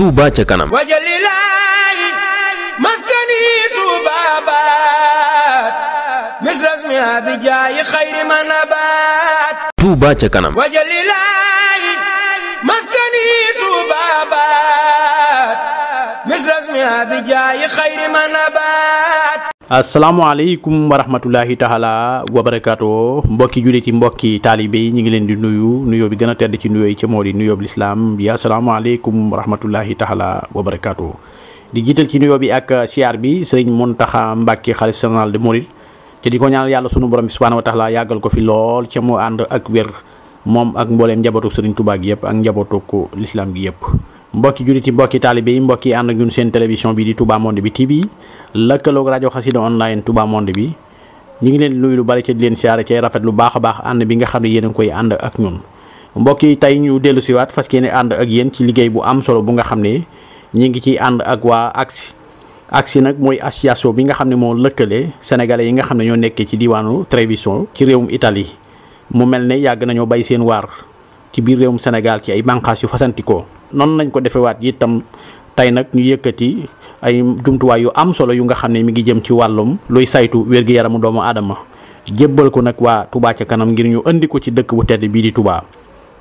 Touba ca kanam wajalilaay maskani Touba baat misras mi abijaayi xayri man abaat Touba ca kanam wajalilaay maskani Touba baat misras mi abijaayi xayri man abaat asalaamaaleykum wa rahmatulahi taala wa barakaatu mbokki jullit yi mbokki taalibe yi ñu ngi leen di nuyu nuyoo bi gën a tedd ci nuyoo yi ca moo di nuyoo bi lislaam bi asalaamaaleykum wa rahmatulahi taala wa barakaatu di jiital ci nuyo bi ak siyaar bi sëriñ taxa Mbàkke xalif général de Mouride te di ko ñaan yàlla sunu borom bi subhaanahu wa yàggal ko fi lool ca moo ànd ak wér moom ak mbooleem njabootu sëriñ Tuubaa gi yëpp ak njabootu lislaam gi yëpp mbokki jullit yi mbokki taalibe yi mbokki ànd ak ñun seen télévision bi di Touba Monde bi TV lëkkaloog rajo xasida online Touba Monde bi ñu ngi leen nuyu lu bari ca di leen siyaare cay rafet lu baax a baax ànd bi nga xam ne yéen a ngi koy ànd ak ñun mbokk yi tey ñu dellu siwaat fas yéene ànd ak yéen ci liggéey bu am solo bu nga xam ne ñu ngi ciy ànd ak waa ACSI agsi nag mooy association bi nga xam ne moo lëkkale sénégalais yi nga xam ne ñoo nekkee ci diwaanu Treviso ci réewum Italie mu mel ne yàgg nañoo bay seen waar ci biir réewum Sénégal ci ay bànqaas yu fasantikoo noonu nañ ko defewaat itam tey nag ñu yëkkati ay jumtuwaay yu am solo yu nga xam ne mi ngi jëm ci wàllum luy saytu wér-gi-yaramu doomu aadama jébbal ko nag waa tubaa ca kanam ngir ñu indi ko ci dëkk bu tedd bii di Touba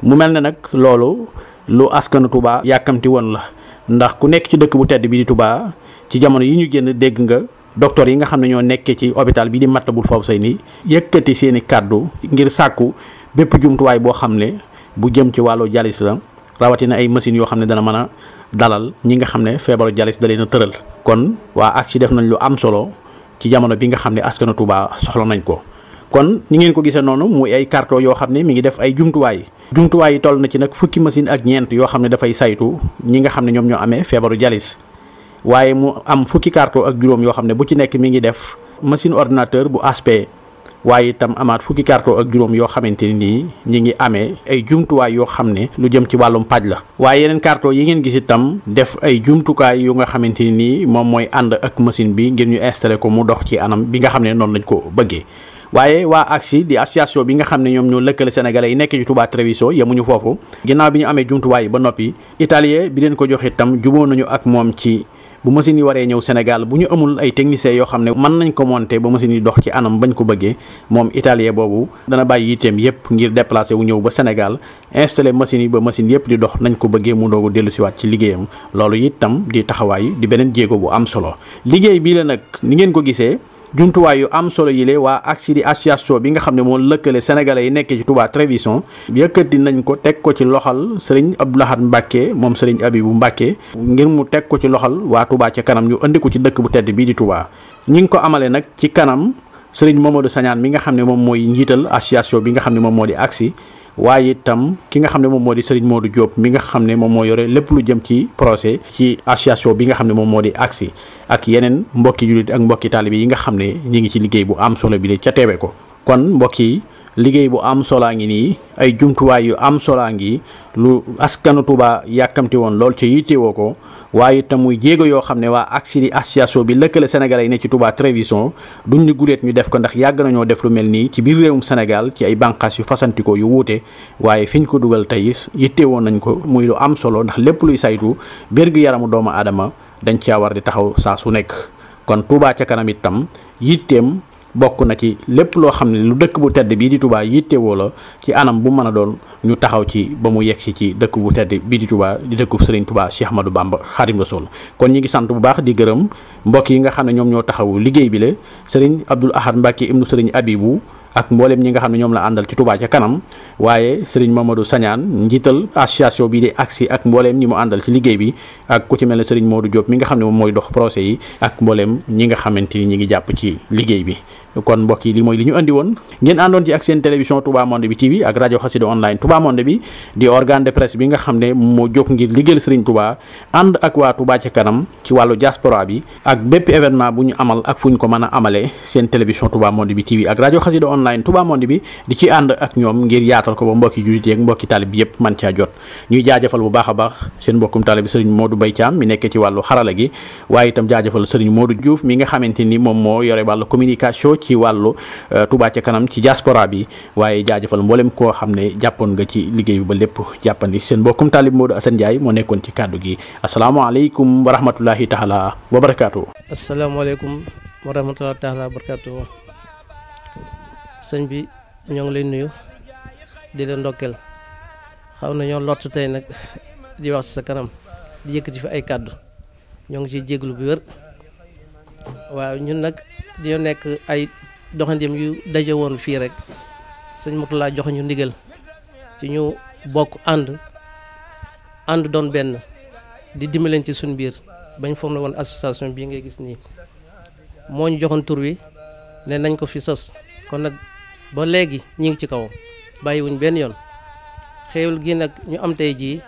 mu mel ne nag loolu lu askanu Touba yàkkamti woon la ndax ku nekk ci dëkk bu tedd bii di Touba ci jamono yi ñu génn dégg nga docteur yi nga xam ne ñoo nekkee ci hôpital bi di say Fawzayni yëkkati seeni kàddu ngir sàkku bépp jumtuwaay boo xam ne bu jëm ci wàllu jalis la rawatina ay machines yoo xam ne dana mën a dalal ñi nga xam ne feebaru jalis da leen a tëral. kon waa ACSI def nañ lu am solo ci jamono bi nga xam ne askanu Touba soxla nañ ko kon ñu ngeen ko gisee noonu muy ay carton yoo xam ne mi ngi def ay jumtuwaay. jumtuwaay yi toll na ci nag fukki machine ak ñeent yoo xam ne dafay saytu ñi nga xam ne ñoom ñoo amee feebaru jalis waaye mu am fukki carton ak juróom yoo xam ne bu ci nekk mi ngi def machine ordinateur bu aspect waaye itam amaat fukki carton ak juróom yoo xamante ni nii ñi ngi amee ay jumtuwaay yoo xam ne lu jëm ci wàllum paj la waaye yeneen carton yi ngeen gis itam def ay jumtukaay yu nga xamante ni nii moom mooy ànd ak machine bi ngir ñu installé ko mu dox ci anam bi nga xam ne noonu lañ ko bëggee waaye waa ACSI di association bi nga xam ne ñoom ñoo lëkkale sénégalais yi nekk ci Touba Treviso yemuñu foofu ginnaaw bi ñu amee jumtuwaay ba noppi italien bi leen ko jox itam juboo nañu ak moom ci bu machine yi waree ñëw Sénégal bu ñu amul ay techniciens yoo xam ne mën nañ ko monter ba machine yi dox ci anam bañ ko bëggee moom italien boobu dana bàyyi yitteem yépp ngir déplacer wu ñëw ba Sénégal installer machine yi ba machine yépp di dox nañ ko bëggee mu doog a dellusiwaat ci liggéeyam loolu itam di taxawaay di beneen jéego bu am solo liggéey bii la nag ni ngeen ko gisee jumtuwaay yu am solo yi waa ACSI di association bi nga xam ne moom lëkkale sénégalais yi nekkee ci Touba Trevisan yëkkati nañ ko teg ko ci loxal sëriñ ab Lahad Mbacke moom sëriñ Abibou Mbacke ngir mu teg ko ci loxal waa Touba ca kanam ñu indi ko ci dëkk bu tedd bii di Touba ñi ngi ko amalee nag ci kanam sëriñ Mamadou sañaan mi nga xam ne moom mooy njiital association bi nga xam ne moom moo di ACSI waaye itam ki nga xam ne moom moo di Serigne Modou Diop mi nga xam ne moom moo yore lépp lu jëm ci procès ci association bi nga xam ne moom moo di ACSI ak yeneen mbokki jullit ak mbokki taalibe yi nga xam ne ñi ngi ci liggéey bu am solo bi de ca teewe ko kon mbokk yi liggéey bu am solaa ngi nii ay jumtuwaay yu am solaa ngi lu askanu Tuuba yàkkamti woon lool ca yittewoo ko waaye itam muy jéego yoo xam ne waa ACSID association bi lëkkalee sénégalais yi ne ci Touba Treviso duñ ñu ñu def ko ndax yàgg nañoo def lu mel nii ci biir réewum Sénégal ci ay bànqaas yu fasantikoo yu wuute waaye fiñ ko dugal tey yitte woon nañ ko muy lu am solo ndax lépp luy saytu wérgu yaramu doomu aadama dañ caa war di taxaw saa su nekk kon Touba ca kanam itam yitteem bokk na ci lépp loo xam ne lu dëkk bu tedd bii di Touba yittewoo la ci anam bu mën a doon ñu taxaw ci ba mu yegsi ci dëkk bu tedd bii di Touba di dëkkub Serigne Touba Cheikh Ahmadou Bamba Xaadimu Rasuul kon ñi ngi sant bu baax di gërëm mbokk yi nga xam ne ñoom ñoo taxaw liggéey bi la Serigne Abdoul Ahad Mbacke ibnu Serigne Abibou ak mboolem ñi nga xam ne ñoom la àndal ci tubaa ca kanam waaye Serigne Mamadou Sagnane njiital association bii di ACSI ak mbooleem ñi mu àndal ci liggéey bi ak ku ci mel ne Serigne Modou Diop mi nga xam ne moom mooy dox procès yi ak mbooleem ñi nga xamante ni ñi ngi jàpp ci liggéey bi kon mbokk yi li mooy li ñu andi woon ngeen àndoon ci ak seen télévision Touba Monde bi TV ak rajo Xassida online Touba Monde bi di bi nga xam ne moo jóg ngir liggéeyal Serigne Touba ànd ak waa Touba ca kanam ci wàllu diaspora bi ak bépp événement bu ñu amal ak fu ñu ko mën a amalee seen télévision Touba Monde bi ak rajo Xassida online Touba Monde bi di ci ànd ak ñoom ngir yaatal ko ba mbokki jullit yeeg mbokki talib bi yëpp man caa jot ñuy jaajëfal bu baax a baax seen mbokkum talib bi Serigne Modou Mbaye Thiam mi nekk ci wàllu xarala gi waaye itam jaajëfal Serigne Modou Diouf mi nga xamante ni moom moo yore wàll communication ci wàllu euh, Touba ca kanam ci diaspora bi waaye jaajëfal mboolem koo xam ne jàppoon nga ci liggéey bi ba lépp jàppandi seen mbokkum taalib Modou Assane Ndiaye moo nekkoon ci kàddu gi asalaamaaleykum wa rahmatulahi taala wa barakaatu. asalaamaaleykum wa rahmatulahi taala wa barakaatu sëñ bi ñoo ngi lay nuyu di la ndokkeel xaw na ñoo lott tey nag di wax sa kanam di yëkkati fi ay kàddu ñoo ngi ciy jéglu bu wér. waaw ñun nag dañoo nekk ay doxandéem yu daje woon fii rek sëñ Murtala jox ñu ndigal ci ñu bokk ànd ànd doon benn di dimbaleen ci suñ biir bañ foom la woon association bii ngay gis nii moo ñu joxoon tur wi ne nañ ko fi sos kon nag ba léegi ñi ngi ci kaw bàyyiwuñ benn yoon xéewal gi nag ñu am tey jii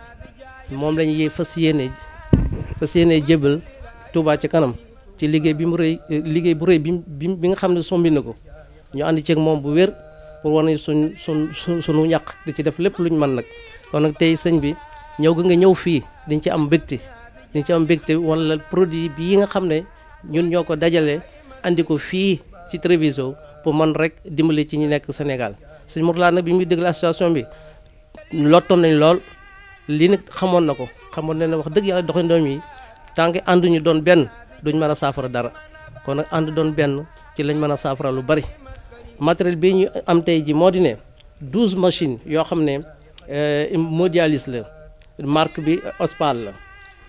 moom lañuy fas yéene fës yéene jébal Touba ci kanam ci liggéey bi mu rëy liggéey bu rëy bi bi nga xam ne sombi na ko ñu ànd ceeg moom bu wér pour wane suñ su suñ suñu ñàq di ci def lépp lu luñ man nag kon nag tey sëñ bi ñëw gi nga ñëw fii dañ ci am mbégte dañ ci am mbégte wala produit bii nga xam ne ñun ñoo ko dajale andi ko fii ci Treviso pour man rek dimbale ci ñu nekk Sénégal sëñ laa nag bi muy déglu association bi lottoon nañ lool lii nag xamoon na ko xamoon na ne wax dëgg yàlla doxandam yi tant que ànduñu doon benn duñ mën a saafara dara kon nag ànd doon benn ci lañ mën a saafara lu bari matériel bi ñu am tey ji moo di ne douze machines yoo xam ne euh, Modialis la marque bi Ospal la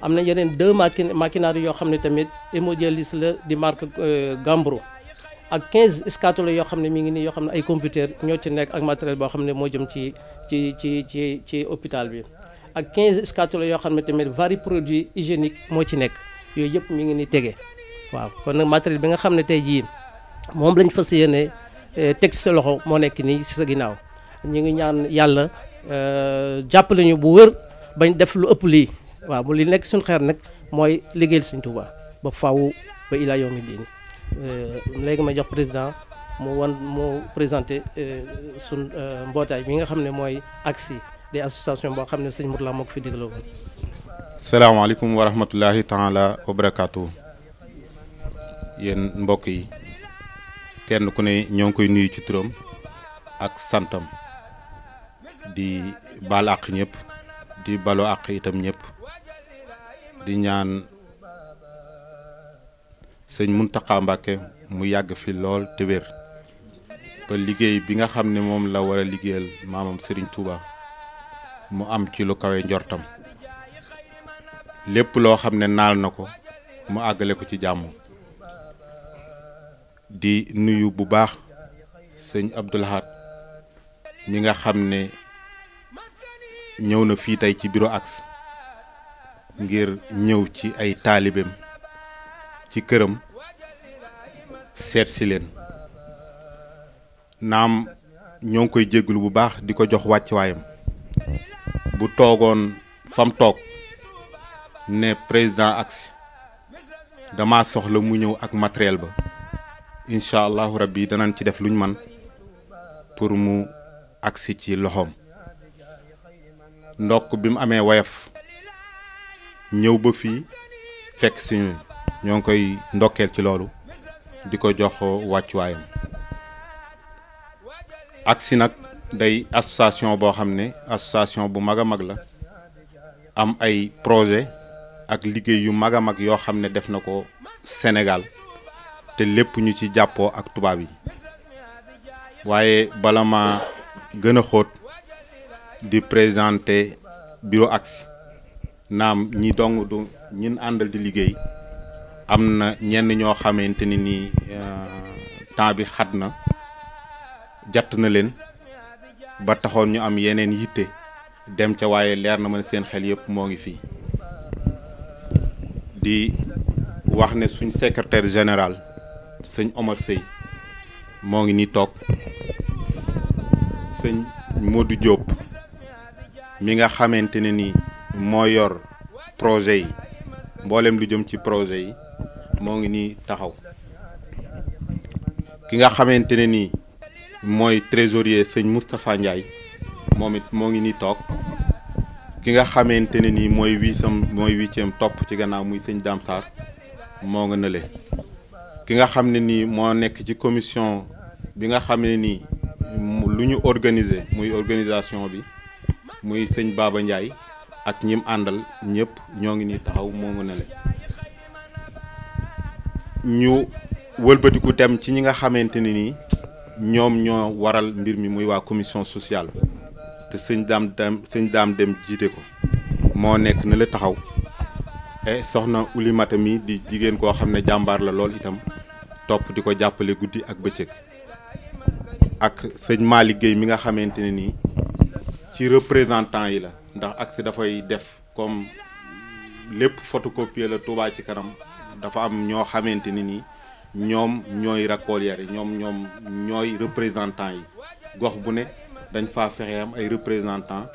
am na yeneen deux machines maquinaires yoo xam ne tamit Hémodialis la di marque euh, Gambro ak 15 scatula yoo xam ne mi ngi nii yoo xam ne ay computer ñoo ci nekk ak matériel boo xam ne moo jëm ci ci ci ci ci hôpital bi ak 15 scatula yoo xam ne tamit vari produit hygiénique moo ci nekk yooyu yëpp mu ngi nii tege waaw kon nag matériel bi nga xam ne tey jii moom lañ fas yéene eh, teg si sa loxo moo nekk nii si sa ginnaaw ñu ngi ñaan yàlla eh, jàppale ñu bu wër bañ def lu ëpp lii waaw mu li nekk suñu xeer nag mooy liggéeyal Sëñ Tuubaa ba faw ba ilaa yawmi diin eh, léegi ma jox président mu wan mu présenté suñ mbootaay bi nga xam ne mooy ACSI des associations boo xam ne sëñ Mourala moo ko fi dégloo salaamaaleykum wa rahmatullahi taala wa barakaatu yéen mbokk yi kenn ku ne ñoo ngi koy nuyu ci turam ak santam di baal àq ñëpp di balo àq itam ñëpp di ñaan sëñ Muntaxa Mbàkke mu yàgg fi lool te wér liggéey bi nga xam ne moom la war a liggéeyal maamam Serigne Touba mu am ci lu kawe njortam. lépp loo xam ne naal na ko mu àggale ko ci jàmm di nuyu bu baax sëñ Abdou Lahad mi nga xam ne ñëw na fii tey ci bureau ACS ngir ñëw ci ay taalibeem ci këram seetsi leen naam ñoo ngi koy jégglu bu baax di ko jox wàcc waayam bu toogoon fam toog ne président agsi dama soxla mu ñëw ak matériel ba incha allahu rabbi danañ ci def lu ñu man pour mu agsi ci loxoom ndokk bi mu amee woyof ñëw ba fii fekk suñu ñoo ngi koy ndokkeel ci loolu di ko jox wàccuwaayam agsi nag day association boo xam ne association bu mag a mag la am ay projet ak liggéey yu mag a mag yoo xam ne def na ko Sénégal te lépp ñu ci jàppoo ak tubaab yi waaye bala ma gën a xóot di présenter bureau ACSI naam ñi dong du ñin àndal di liggéey am na ñenn ñoo xamante ni nii euh, temps bi xat na jatt na leen ba taxoon ñu am yeneen yitte dem ca waaye leer na ma seen xel yëpp moo ngi fii di wax ne suñ secretaire général sëñ Omar Seye moo ngi ni toog sëñ Modou Diop mi nga xamante ne ni moo yor projet yi mboolem lu jëm ci projet yi moo ngi nii taxaw ki nga xamante ne nii mooy trésorier sëñ Moustapha Ndiaye moom it moo ngi nii toog ki nga xamante ne nii mooy huitième mooy huitième topp ci gannaaw muy sëñ Dame moo nga nële ki nga xam ne nii moo nekk ci commission bi nga xam ne ni lu ñu organiser muy organisation bi muy sëñ Baba Ndiaye ak ñim àndal ñëpp ñoo ngi nii taxaw moo nga nële ñu wëlbatiku dem ci ñi nga xamante ne nii ñoom ñoo waral mbir mi muy waa commission sociale te sëñ daam dem sëñ daam dem jiite ko moo nekk na la taxaw e soxna ulimata mi di jigéen koo xam ne jàmbaar la lool itam topp di ko jàppale guddi ak bëccëg ak sëñ maa liggéey mi nga xamante ne nii ci représentant yi la ndax ak si dafay def comme lépp photocopier la Touba ci kanam dafa am ñoo xamante ni nii ñoom ñooy racolière yi ñoom ñoom ñooy représentant yi gox bu ne dañ fa fexee am ay représentants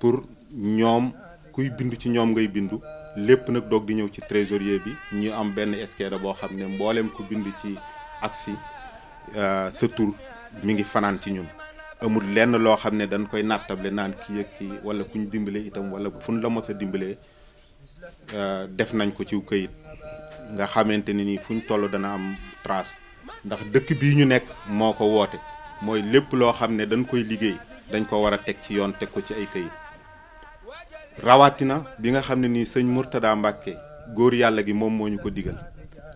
pour ñoom kuy bindu ci ñoom ngay bindu lépp nag doog di ñëw ci trésorier bi ñu am benn escadre boo xam ne mbooleem ku bind ci aksi euh, sa tur mi ngi fanaan ci ñun amul lenn loo xam ne dañ koy nattable naan ki ak kii wala kuñ dimbale itam wala fun la mos a dimbalee euh, def nañ ko ci këyit nga xamante ni ni fuñ toll dana am trace ndax dëkk bii ñu nekk moo ko woote mooy lépp loo xam ne dañ koy liggéey dañ ko war a teg ci yoon teg ko ci ay kayit rawatina bi nga xam ne nii sëñ Mourtada Mbacke góor yàlla gi moom moo ñu ko digal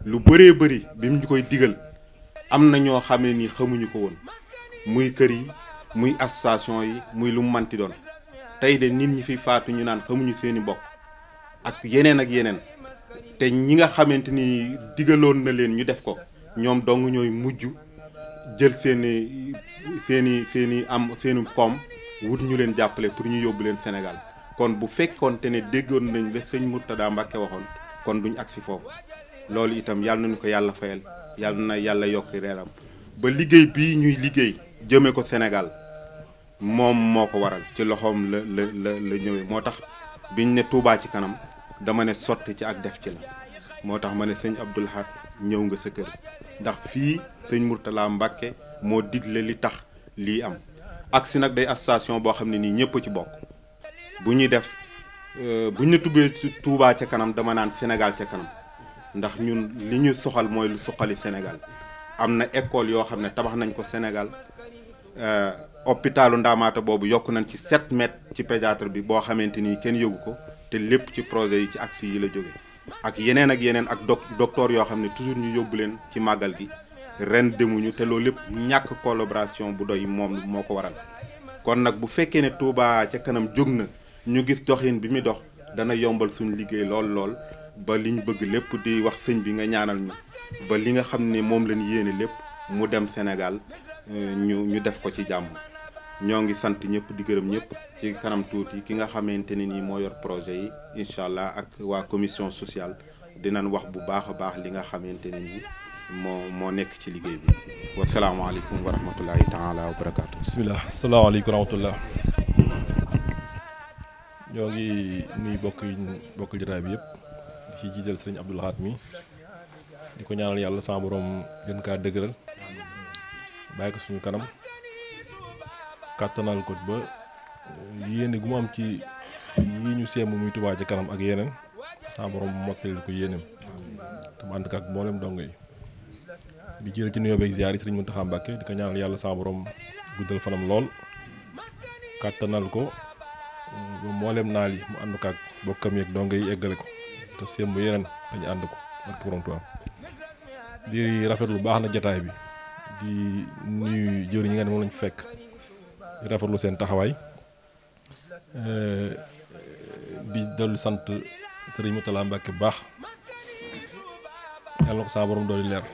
lu bëree bëri bi mu ñu koy digal am na ñoo xam ne nii xamuñu ko woon muy kër yi muy association yi muy lu mu manti doon tey de nit ñi fi faatu ñu naan xamuñu seeni bokk ak yeneen ak yeneen te ñi nga xamante ni digaloon na leen ñu def ko ñoom dong ñooy mujj jël seen i seen i seen i am seenu koom wut ñu leen jàppale pour ñu yóbbu leen Sénégal kon bu fekkoon te ne déggoon nañ la sëñ Mourtada Mbacke waxoon kon duñ agsi foofu loolu itam yàlla nañu ko yàlla fayal yàlla na yàlla yokk reeram ba liggéey bii ñuy liggéey jëmee ko Sénégal moom moo ko waral ci loxoom la la la ñëwee moo tax biñ ne tuubaa ci kanam dama ne sotti ci ak def ci la moo tax ma ne sëñ Abdoul Ahad ñëw nga sa ndax fii sëñ Mourtala Mbacke moo digle li tax lii am ACSI nag day association boo xam ne nii ñëpp ci bokk bu ñuy def euh, bu ñu tubbee Touba ca kanam dama naan Sénégal ca kanam ndax ñun li ñu soxal mooy lu soxali Sénégal am na école yoo xam ne tabax nañ ko Sénégal euh, hôpitalu Ndaamaata boobu yokk nañ ci 7 mètres ci pédiatre bi boo xamante ni kenn yëgu ko te lépp ci projet yi ci ACSI yi la jóge ak yeneen ak yeneen ak doc docteur yoo xam ne toujours ñu yóbbu leen ci màggal gi ren demuñu te loolu lépp ñàkk collaboration bu doy moom moo ko waral kon nag bu fekkee ne Touba ca kanam jóg na ñu gis doxin bi muy dox dana yombal suñu liggéey lool lool ba liñ bëgg lépp di wax sëñ bi nga ñaanal ñu ba li nga xam ne moom lañ yéene lépp mu dem Sénégal euh, ñu ñu def ko ci jàmm ñoo ngi sant ñëpp di gërëm ñëpp ci kanam tuuti ki nga xamante ne nii moo yor projet yi incha allah ak waa commission sociale dinañ wax bu baax a baax li nga xamante ne nii moo moo nekk ci liggéey bi wasalaamaaleykum wa rahmatullahi taala wa barakaatu. bisimilah salaamaaleykum wa rahmatullah ñoo ngi nuy bokk bokk jataay bi yépp di ci jiital sëriñ Abdou Lahad mi di ko ñaanal yàlla sama borom gën kaa dëgëral bàyyi ko suñu kanam kàttanal ko ba eh, yéene gu mu am ci yi ñu seem muy Touba ca kanam ak yeneen sama borom mottali ko yéeneem te mu ànd ak mboolem dongo yi. di jël ci nuyoo beeg ziar yi sëriñ Mountakha Mbacké di ko ñaanal yàlla sa borom guddal fanam lool kàttanal ko mboolem naal yi mu ànd ko ak ko te sémb dañu ànd ko ak rafet lu baax na jataay bi di nuyu jëriñ ñi nga ne moom lañu fekk di rafetlu seen taxawaay eh, di dellu sant sëriñ Mountakha Mbacké bu baax yàlla na ko saa borom leer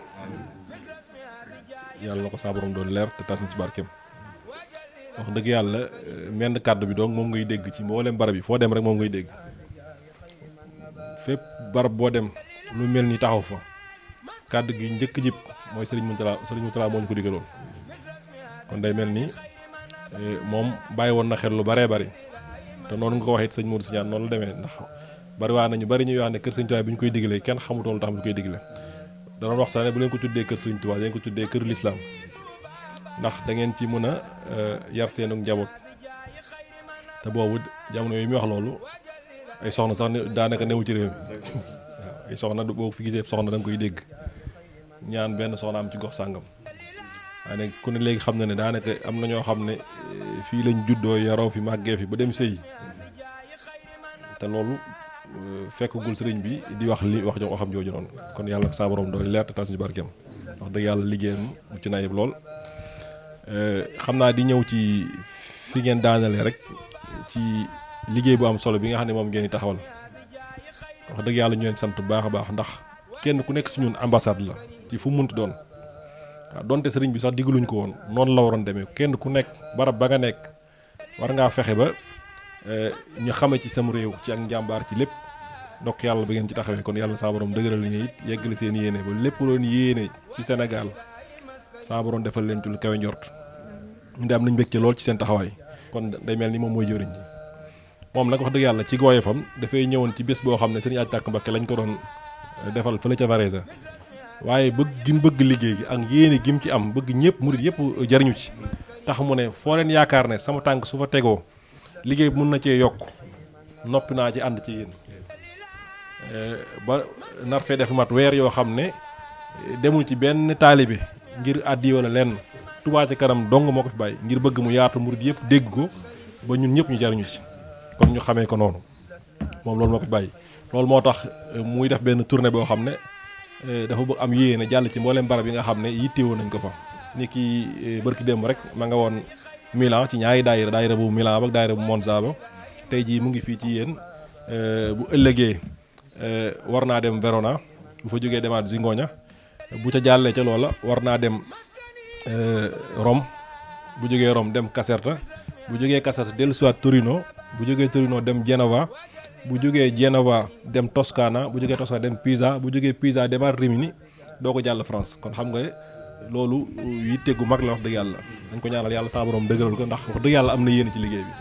yàlla na ko saa borom doon leer te tas ñu ci barkeem wax dëgg yàlla eh, menn kàddu bi donc moom ngay dégg ci mboolem barab yi foo dem moom ngay dégg barab boo dem lu mel ni taxaw fa kàddu gi njëkk jib mooy Serigne Moutala Serigne Moutala moo moom ko digaloon kon day mel ni eh, moom bàyyi woon na xel lu baree bari te noonu nga ko waxee sëñ Modou Signane noonu la demee ndax bari waa nañu bari ñuy wax ne kër Sëñ Tuubaa bi ñu koy digalee kenn xamutoon lu tax ñu koy digalee dana wax sax ne bu leen ko tuddee kër Serigne Touba da ngeen ko tuddee kër lislaam ndax dangeen ci mën a euh, yar seenu njaboot te boobu jamono yi muy wax loolu ay soxna sax daanaka newu ci réew mi waaw ay soxna boo fi gisee soxna da koy dégg ñaan benn soxna am ci gox sàngam waaye nag ku ne léegi xam na ne daanaka am na ñoo xam ne fii lañ juddoo yaroo fi màggee fi ba dem sëy te loolu Euh, fekk gul sëriñ bi di wax li wax jox waxam jooju noonu kon yàlla ak doo borom doon ñu barkeem wax dëgg yàlla liggéeyam mu ci nayib lool euh, xam naa di ñëw ci fi ngeen daanale rek ci liggéey bu am solo bi nga xam ne moom ngeen di taxawal wax dëgg yàlla ñu leen sant bu baax a baax ndax kenn ku nekk ñun ambassade la ci fu muntu doon waaw donte sëriñ bi sax diggaluñ ko woon noonu la waroon demee kenn ku nekk barab ba nga nekk war ngaa fexe ba Euh, ñu xame ci sama réew ci ak njàmbaar ci lépp ndokk yàlla ba ngeen ci taxawee kon yàlla saa borom dëgëral li yegg yeggale seen yéene ba lépp loon yéene ci Sénégal saa borom defal leen ci lu kawe njort ñu de am nañ mbégte lool ci seen taxawaay kon day mel ni moom mooy jëriñ moom nag wax dëgg yàlla ci gooye fam dafay ñëwoon ci bés boo xam ne seen Aj Tàkk Mbakke lañ ko doon euh, defal fële ca Varese waaye bëgg gim bëgg liggéey gi ak yéene gim ci am bëgg ñëpp murit yëpp jariñu ci tax mu ne foo leen yaakaar ne sama tànk su fa tegoo liggéey bi mun na cee yokk noppi naa ci ànd ci yéen eh, ba nar fee def mat weer yoo xam ne demul ci benn taalibe ngir àddi lenn Touba ci Kanam dong moo ko fi bàyyi ngir bëgg mu yaatu murid yëpp dégg ko ba ñun ñëpp ñu jariñu ci kon ñu xamee ko noonu moom loolu moo ko fi bàyyi loolu moo tax eh, muy def benn tournée boo xam ne eh, dafa bëgg am yéene jàll ci mbooleem barab yi nga xam ne yittewoo nañ ko fa ni ki barki démb rek ma nga woon Milan ci ñaari daayira daayira bu Milan ak daayira bu Monza tey jii mu ngi fii ci yéen euh, bu ëllëgee euh, war naa dem Verona bu fa jógee demaat Zingoña bu ca jàllee ca loola war naa dem euh, Rome bu jógee Rome dem Caserta bu jógee Caserta dellusiwaat Torino bu jógee Torino dem Genova bu jógee Genova dem Toscana bu jógee Toscana dem Pisa bu jógee Pisa demaat Rimini doo ko jàll France kon xam nga. loolu yitte gu mag la wax dëgg yàlla dañ ko ñaanal yàlla saa borom dëgëral ko ndax wax dëgg yàlla am na yéen ci liggéey bi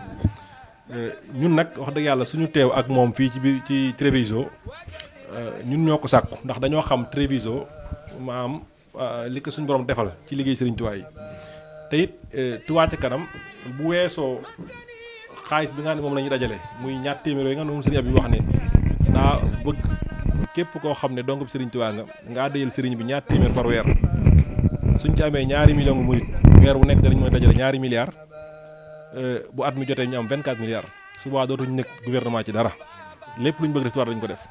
euh, ñun nag wax dëgg yàlla suñu teew ak moom fii ci biir ci Treviso euh, ñun ñoo ko sàkku ndax dañoo xam Treviso maam euh, li ko suñu borom defal ci liggéey Sëriñ Tuubaa yi te it Tuubaa ci kanam bu weesoo xaalis bi nga ne moom la ñuy dajale muy ñaar téeméer yi nga xam ne moom sëriñ bi wax ne daa bëgg képp koo xam ne donc Sëriñ Tuubaa ngaa sëriñ bi ñaar téeméer par weer suñ ci amee ñaari million ngu murit weer wu nekk danañ mën a dajale ñaari milliards euh, bu at mi jotee ñu am 24 milliards su boobaa dootuñu nekk gouvernement ci dara lépp lu ñu bëgg def war dañ ko def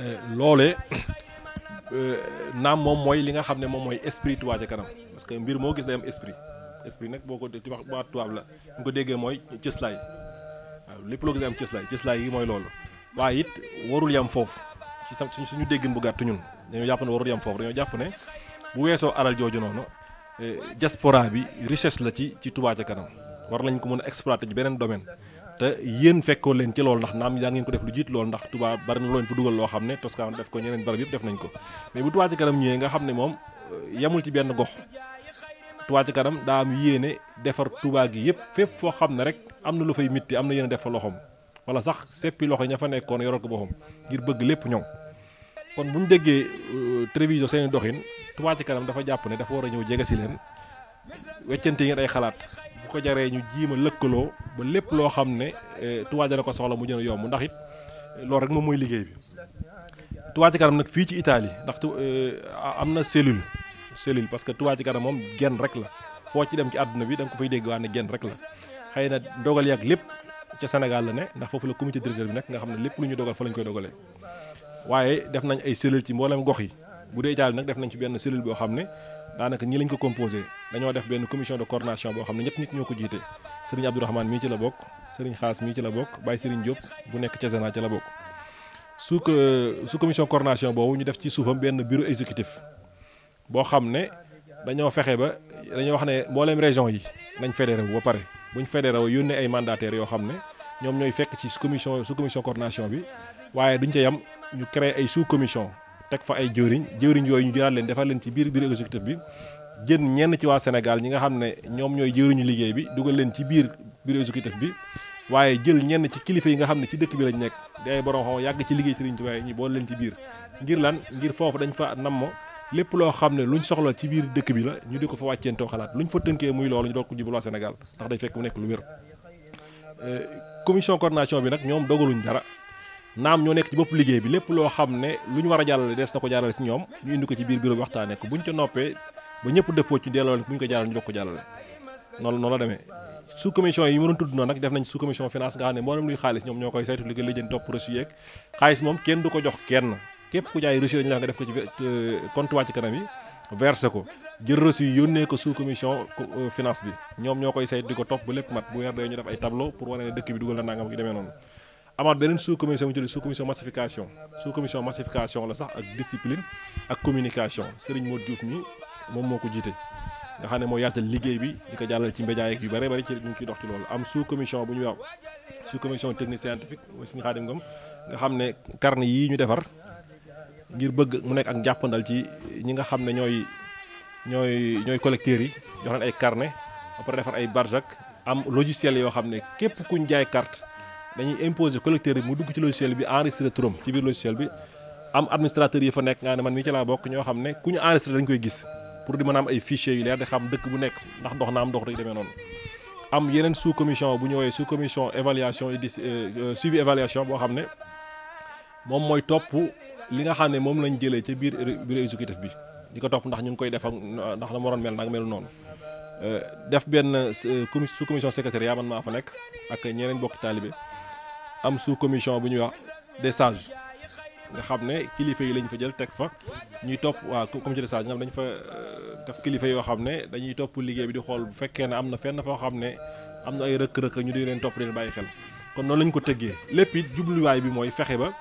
euh, loolee euh, naam moom mooy xam ne moom mooy esprit Touba ca kanam parce que mbir moo gis day am esprit esprit ko ci wax baat tubaab la ñu ko déggee mooy cëslaay waaw lépp loo gis day am cëslaay yi mooy loolu waaye it warul yam foofu ci sa suñu déggin bu gàtt ñun dañoo jàpp ne warul yam foofu dañoo jàpp ne bu weesoo alal jooju noonu eh, diaspora bi richesse la ci ci Touba ca kanam war lañ ko mën a exploiter ci beneen domaine te yéen fekkoo leen ci loolu ndax naam daan ngeen ko def lu jiit loolu ndax Touba bari na looñ dugal loo xam ne Toscane def ko ñeneen barab yëpp def nañ ko mais bu Touba ca kanam ñëwee nga xam ne moom eh, yamul ci benn gox Touba ca kanam daa am yéene defar Touba gi yëpp fépp foo xam ne rek am na lu fay mitti am na yéene def fa loxoom wala sax seppi loxo ña fa nekkoon yoral ko ngir bëgg lépp ñoom kon bu ñu déggee eh, télévision doxin Touba ci kanam dafa jàpp ne dafa war a ñëw jege si leen weccante ngeen ay xalaat bu ko jaree ñu jiima lëkkaloo ba lépp loo xam ne eh, Touba dana ko soxla mu gën a yomb ndax it eh, loolu rek moom mooy liggéey bi Touba ci kanam nag fii ci Italie ndax eh, am na cellule cellule parce que Touba ci kanam moom genn rek la foo ci dem ci àdduna bi da ko fay dégg waa ne genn rek la xëy na dogal yàgg lépp ca Sénégal la ne ndax foofu la comité directeur bi nag nga xam ne lépp lu ñu dogal fa lañ koy dogalee waaye def nañ ay cellule ci mboolem gox yi bu dee jaal nag def nañ ci benn cellule boo xam ne daanaka ñi lañ ko composé dañoo def benn commission de coordination boo xam ne ñett nit ñoo ko jiite sëriñ Abdourahmane mii ci la bokk sëriñ Xaas mii ci la bokk Baye sëriñ Diop bu nekk Cesena ci la bokk su su commission coordination boobu ñu def ci suufam benn bureau exécutif boo xam ne dañoo fexe ba dañoo wax ne mbooleem région yi nañ fédéré wu ba pare buñ fédéré wu yónnee ay mandataires yoo xam ne ñoom ñooy fekk ci commission sous commission coordination bi waaye duñ ca yam ñu créé ay sous commission teg fa ay jëwriñ jëwriñ yooyu ñu jëlaat leen defal leen ci biir biir exécutif bi jën ñenn ci waa senegal ñi nga xam ne ñoom ñooy jëwriñu liggéey bi dugal leen ci biir biir exécutif bi waaye jël ñenn ci kilifa yi nga xam ne ci dëkk bi lañ nekk di ay borom xam yàgg ci liggéey Serigne Touba ñu boole leen ci biir ngir lan ngir foofu dañ fa nammo lépp loo xam ne luñ soxla ci biir dëkk bi la ñu di ko fa wàcceentoo xalaat lu luñ fa tënkee muy loolu ñu doon ko jubal waa Sénégal ndax day fekk mu nekk lu wér euh, commission coordination bi nag ñoom dogaluñ dara naam ñoo nekk ci bopp liggéey bi lépp loo xam ne lu ñu war a jàllale des na ko jàllale ci ñoom ñu indi ko ci biir bureau bi waxtaanee ko bu ñu ca noppee ba ñëpp dëppoo ci delloo bu ko jàllale noonu la demee sous commission yi mënoon tudd noonu nag def nañ sous commission finance nga xam ne mboolem luy xaalis ñoom ñoo koy saytu li ko lijjanti topp reçu yeeg xaalis moom kenn du ko def ko ci euh, compte Touba ko jël reçu yi yónnee ko sous commission euh, finance bi ñoom ñoo koy saytu ko topp ba lépp mat bu weer dee ñu def ay tableau pour wane ne dëkk bi dugal na nangam ak demee amaat beneen sous commission bu ñu tuddee sous commission massification sous commission massification la sax ak discipline moom moo ko jiite. nga xam ne moo yaatal liggéey bi di ko jàllale ci médias yu bëree bëri ci ñu ngi ciy dox ci loolu am sous commission bu ñuy wax sous commission technique scientifique mooy suñu Xaadim Ngom nga xam ne carnet yii ñu defar ngir bëgg mu nekk ak jàppandal ci ñi nga xam ne ñooy ñooy ñooy collecteurs yi jox leen ay carnet après defar ay barjak am logiciel yoo xam ne képp kuñ jaay carte. dañuy imposé collecteur bi mu dugg ci logiciel bi enregistré turam ci biir logiciel bi am administrateur yi fa nekk nga ne man mi ci laa bokk ñoo xam ne ku ñu enregistré dañ koy gis pour di mën a am ay fichiers yu leer di xam dëkk bu nekk ndax dox na am dox rek demee noonu. am yeneen sous commission bu ñu woowee sous commission évaluation euh, euh, suivi évaluation boo xam ne moom mooy topp li nga xam ne moom lañ jëlee ci biir bureau exécutif bi di ko topp ndax ñu ngi koy def ak ndax la mu waroon mel nag melu noonu. Euh, def benn sous commission secrétariat man fa nekk ak ñeneen bokk taalibe am sous commission bu ñuy wax des nga xam ne kilifa yi lañ fa jël teg fa ñuy topp waa comité des sages nga xam dañ fa euh, def kilifa yoo xam ne dañuy topp liggéey bi di xool bu fekkee ne am na fenn foo xam ne am na ay rëkk-rëkk ñu di leen topp leen bàyyi xel kon noonu lañ ko tëggee lépp it jubluwaay bi mooy fexe ba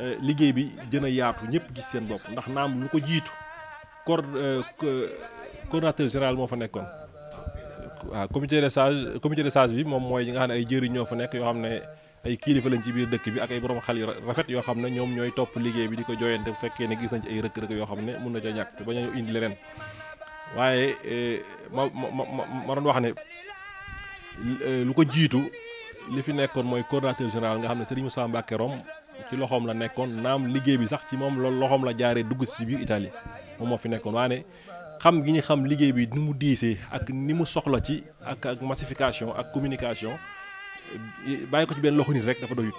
euh, liggéey bi jën a yaatu ñëpp gis seen bopp ndax naam lu ko jiitu cor euh, coordonnateur général moo fa nekkoon waa comité des sages comité des sages bi moom mooy ñi nga xam ay jëriñ ñoo nekk yoo xam ne ay kilifa lañ ci biir dëkk bi ak ay borom xel yu rafet yoo xam ne ñoom ñooy topp liggéey bi di ko jooyante bu fekkee ne gis nañ ci ay rëkk-rëkk yoo xam ne mun na ca ñàkk te bañ a indi leneen waaye eh, ma ma ma ma doon wax ne eh, lu ko jiitu li fi nekkoon mooy coordonnateur général nga xam ne Serigne Moussa Mbacké Rom ci loxoom la nekkoon naam liggéey bi sax ci moom loolu loxoom la jaaree dugg si ci biir Italie moom moo fi nekkoon waaye xam gi ñu xam liggéey bi ni mu ak ni mu soxla ci ak ak ak communication. bàyyi ko ci benn loxo nit rek dafa doyut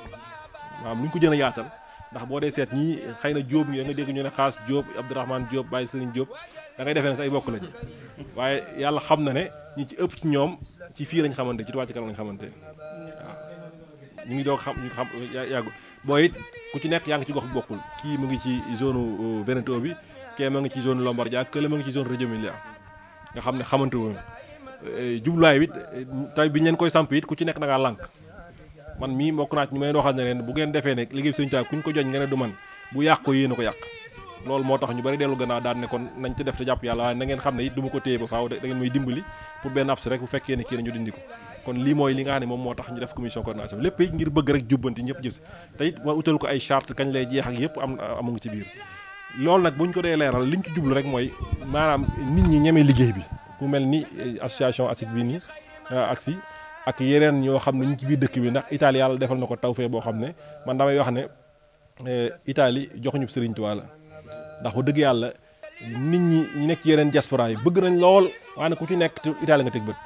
waaw lu ñu ko jën a yaatal ndax boo dee seet ñii xëy na jóob Diop nga dégg ñu ne xaas Diop Abdourahmane jóob bàyyi Serigne jóob da ngay defee ne ay bokk lañ waaye yàlla xam na ne ñi ci ëpp ci ñoom ci fii lañ xamante ci Touba Ca Kanam lañ xamante waaw ñu ngi doog xam ñu yàgg booy it ku ci nekk yaa ngi ci gox bu bokkul kii mu ngi ci zone euh, Veneto bi kee ma ngi ci zone Lombardia kële ma ngi ci zone Reggio Emilia nga xam ne xamante woon Eh, jubluwaay bi eh, tay bi ñu leen koy samp it ku ci nekk da ngaa lànk man mii mbokk naa ci ñu may waxal ne leen bu ngeen defee ne liggéey Sëñ Tuubaa ku ñu ko joñ nga du man bu yàq ko yéen ko yàq loolu moo tax ñu bari dellu gannaaw daan ne kon nañ ci def te jàpp yàlla waaye na ngeen xam ne it du ko téye ba faaw da ngeen may dimbali pour benn abs rek bu fekkee ne kii nañu dindi ko kon lii mooy li nga xam ne moom moo tax ñu def commission coordination lépp it ngir si te it ma utal ko ay lay jeex ak yëpp am amu ngi ci biir loolu nag buñ ko dee leeral liñ ci jublu rek mooy maanaam nit ñi ñemee liggéey bi ku mel ni eh, association ASIC bi nii eh, AXI ak yeneen ñoo xam ne ñu ci biir dëkk bi ndax Italie yàlla defal na ko tawfee boo xam ne man damay wax ne eh, Italie joxuñu Sëriñ Tuubaa la ndax bu dëgg yàlla nit ñi ñu nekk ci yeneen diaspora yi bëgg nañ lool waaye ku ci nekk Italie nga teg bët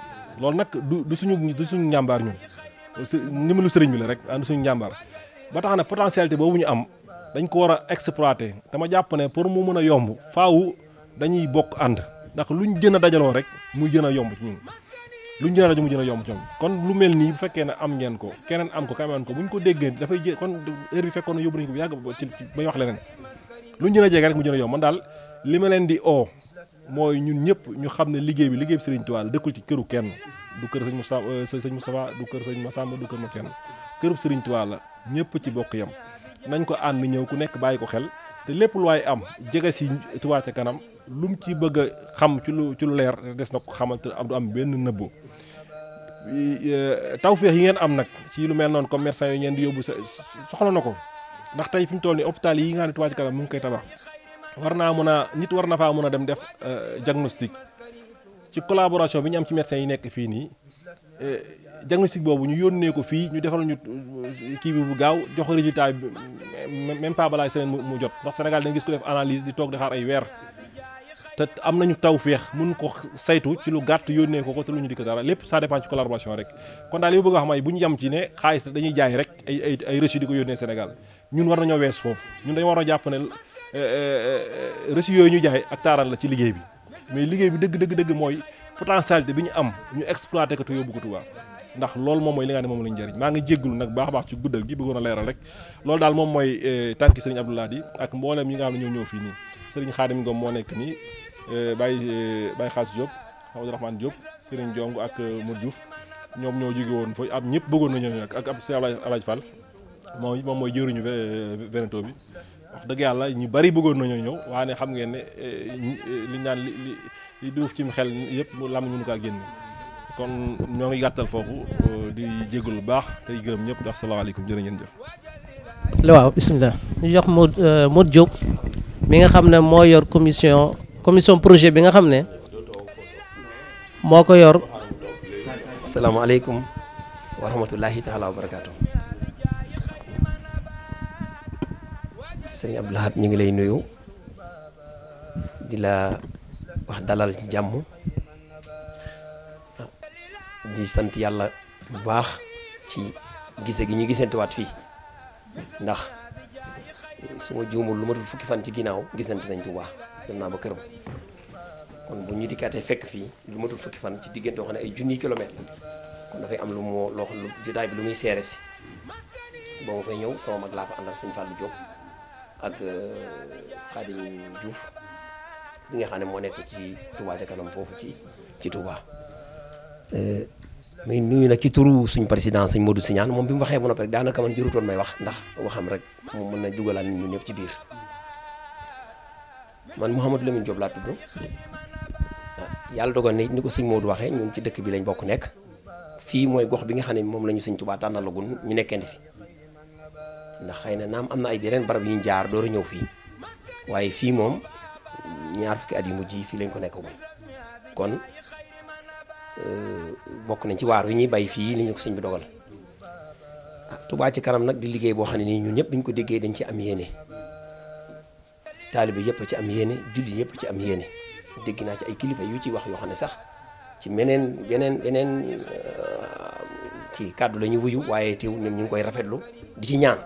loolu nag du suñu du suñu njàmbaar ñun ndimbalu sëriñ bi la rek ah, du suñu njàmbaar ba tax na potentialité boobu ñu am dañ ko war a exploiter dama jàpp ne pour mu mën a yomb faaw dañuy bokk ànd. ndax lu ñu jën a dajaloo rek muy jën a yomb ci lu luñ gën a dajaloo mu gën a yomb ñun kon lu mel nii bu fekkee ne am ngeen ko keneen am ko kamean ko ñu ko déggee dafay jé kon heure bi fekkoon na yóbbu nañ ko bu yàgg ci bay wax leneen luñ gën a jege rek mu gën a yomb daal li ma leen di oo mooy ñun ñëpp ñu xam ne liggéey bi liggéey bi Serigne Touba dëkkul ci këru kenn du kër sëñ Moussa euh, sëñ Moustapha du kër sëñ Massamba du kër ma kenn këru Serigne Touba la ñëpp ci bokk yam nañ ko ànd ñëw ku nekk bàyyi ko xel te lépp lu waay am jege si Touba ca kanam lu mu ci bëgg a xam ci lu ci lu leer des na ko xamante am du am benn nëbbu eh, tawféex yi ngeen am nag ci lu mel noonu commerçant yi ngeen di yóbbu soxla na ko ndax tey fim tool toll nii yi nga xam ne Touba Ca Kanam mu ngi koy tabax war naa mën a nit war na faa mën a dem def eh, diagnostic ci collaboration bi ñu am ci médecins yi nekk fii nii eh, diagnostic boobu ñu yónnee ko fii ñu defal ñu kii bi bu gaaw jox résultat bi même pas balaa semaine mu jot ndax Sénégal dañu gis ku def di toog di ay weer. te am nañu taw féex mun ko saytu ci lu gàtt yónnee ko ko te lu ñu dikk dara lépp ça dépend ci rek kon daal li bëgg a xam ay bu ñu yem ci ne xaalis dañuy jaay rek ay ay ay reçu di ko yónnee Sénégal ñun war nañoo wees foofu ñun dañu war a jàpp ne euh, euh, euh, reçu yooyu ñu jaay ak taaraan la ci liggéey bi mais liggéey bi dëgg dëgg mooy mooy potentialité bi ñu am ñu exploité ko te yóbbu ko ndax loolu moom mooy li nga ne moom lañu jëriñ maa ngi jégglu nag baax baax ci guddal gi bëggoon a leeral rek loolu daal moom mooy tànki sëriñ ak mboolem ñi nga xam ne ñëw fii nii sëriñ Xaadim Ngom moo nekk nii Euh, Baye euh, Baye Xaas Diop Abdourahmane Diop Serigne Diong ak euh, Modou juuf ñoom ñoo jóge woon fa ab ñëpp bëggoon na ñëw ak ab Cheikh Alaaj moom mooy jëruñu Veneto bi wax dëgg yàlla ñu bari bëggoon nañoo ñëw waaye ne xam ngeen naan li li duuf ci xel yëpp mu lam ñu kaa kon ñoo ngi gàttal foofu di jégalu lu baax tey gërëm ñëpp di asalaamaaleykum jërë ngeen jëf. waaw bisimilah ñu jox Modou Modou Diop mi nga xam ne moo yor commission. commission projet bi nga xam ne moo ko yor. asalaamaaleykum wa rahmatulahi taala wa barakaatu. sëriñ Abdou Lahad ñu ngi lay nuyu di la wax dalal ci jàmm di sant yàlla bu baax ci gise gi ñu gisantewaat fii ndax su ma juumul lu matul fukki fan ci ginaaw gisante nañ ci bu dem naa ba këram kon bu ñu dikkaatee fekk fii lu matul fukki fan ci diggante wax ne ay junniy kilomètres kon dafay am lu moo loo xam jotaay bi lu muy seere si ba ma ñëw sama mag laa fa àndal sëñ Fallou Diop ak euh, Khadim Diouf bi nga xam ne moo nekk ci Touba ca kanam foofu ci ci Touba. Euh, muy nuyu nag ci turu suñ président sëñ Modou Signane moom bi mu waxee ba noppi rek daanaka man jërutoon may wax ndax waxam rek moom mën na jugalaat ñu ñëpp ci biir. man Mouhamadou Lamine Diop laa tudd yàlla dogal ni ni ko sëñ Modou waxee ñun ci dëkk bi lañ bokk nekk fii mooy gox bi nga xam ne moom la ñu sëñ Touba tànnalagun ñu nekkandi fi ndax xëy na naam am na ay yeneen barab yu jaar door a ñëw fii waaye fii moom ñaar fukki at yu mujj yi fii lañ ko nekk kon euh, bokk nañ ci waar yu bay fii ni ko sëñ dogal ah Touba ci kanam nag di liggéey boo xam ne nii ñun ñëpp bi ñu ko déggee dañ ci am yéene. taalibe yëpp ci am yéene julli yëpp ci am yéene dégg naa ci ay kilifa yu ci wax yoo xam ne sax ci meneen beneen beneen euh, ki kàddu la wuju waaye teew ñoom ñu ngi koy rafetlu di ci ñaan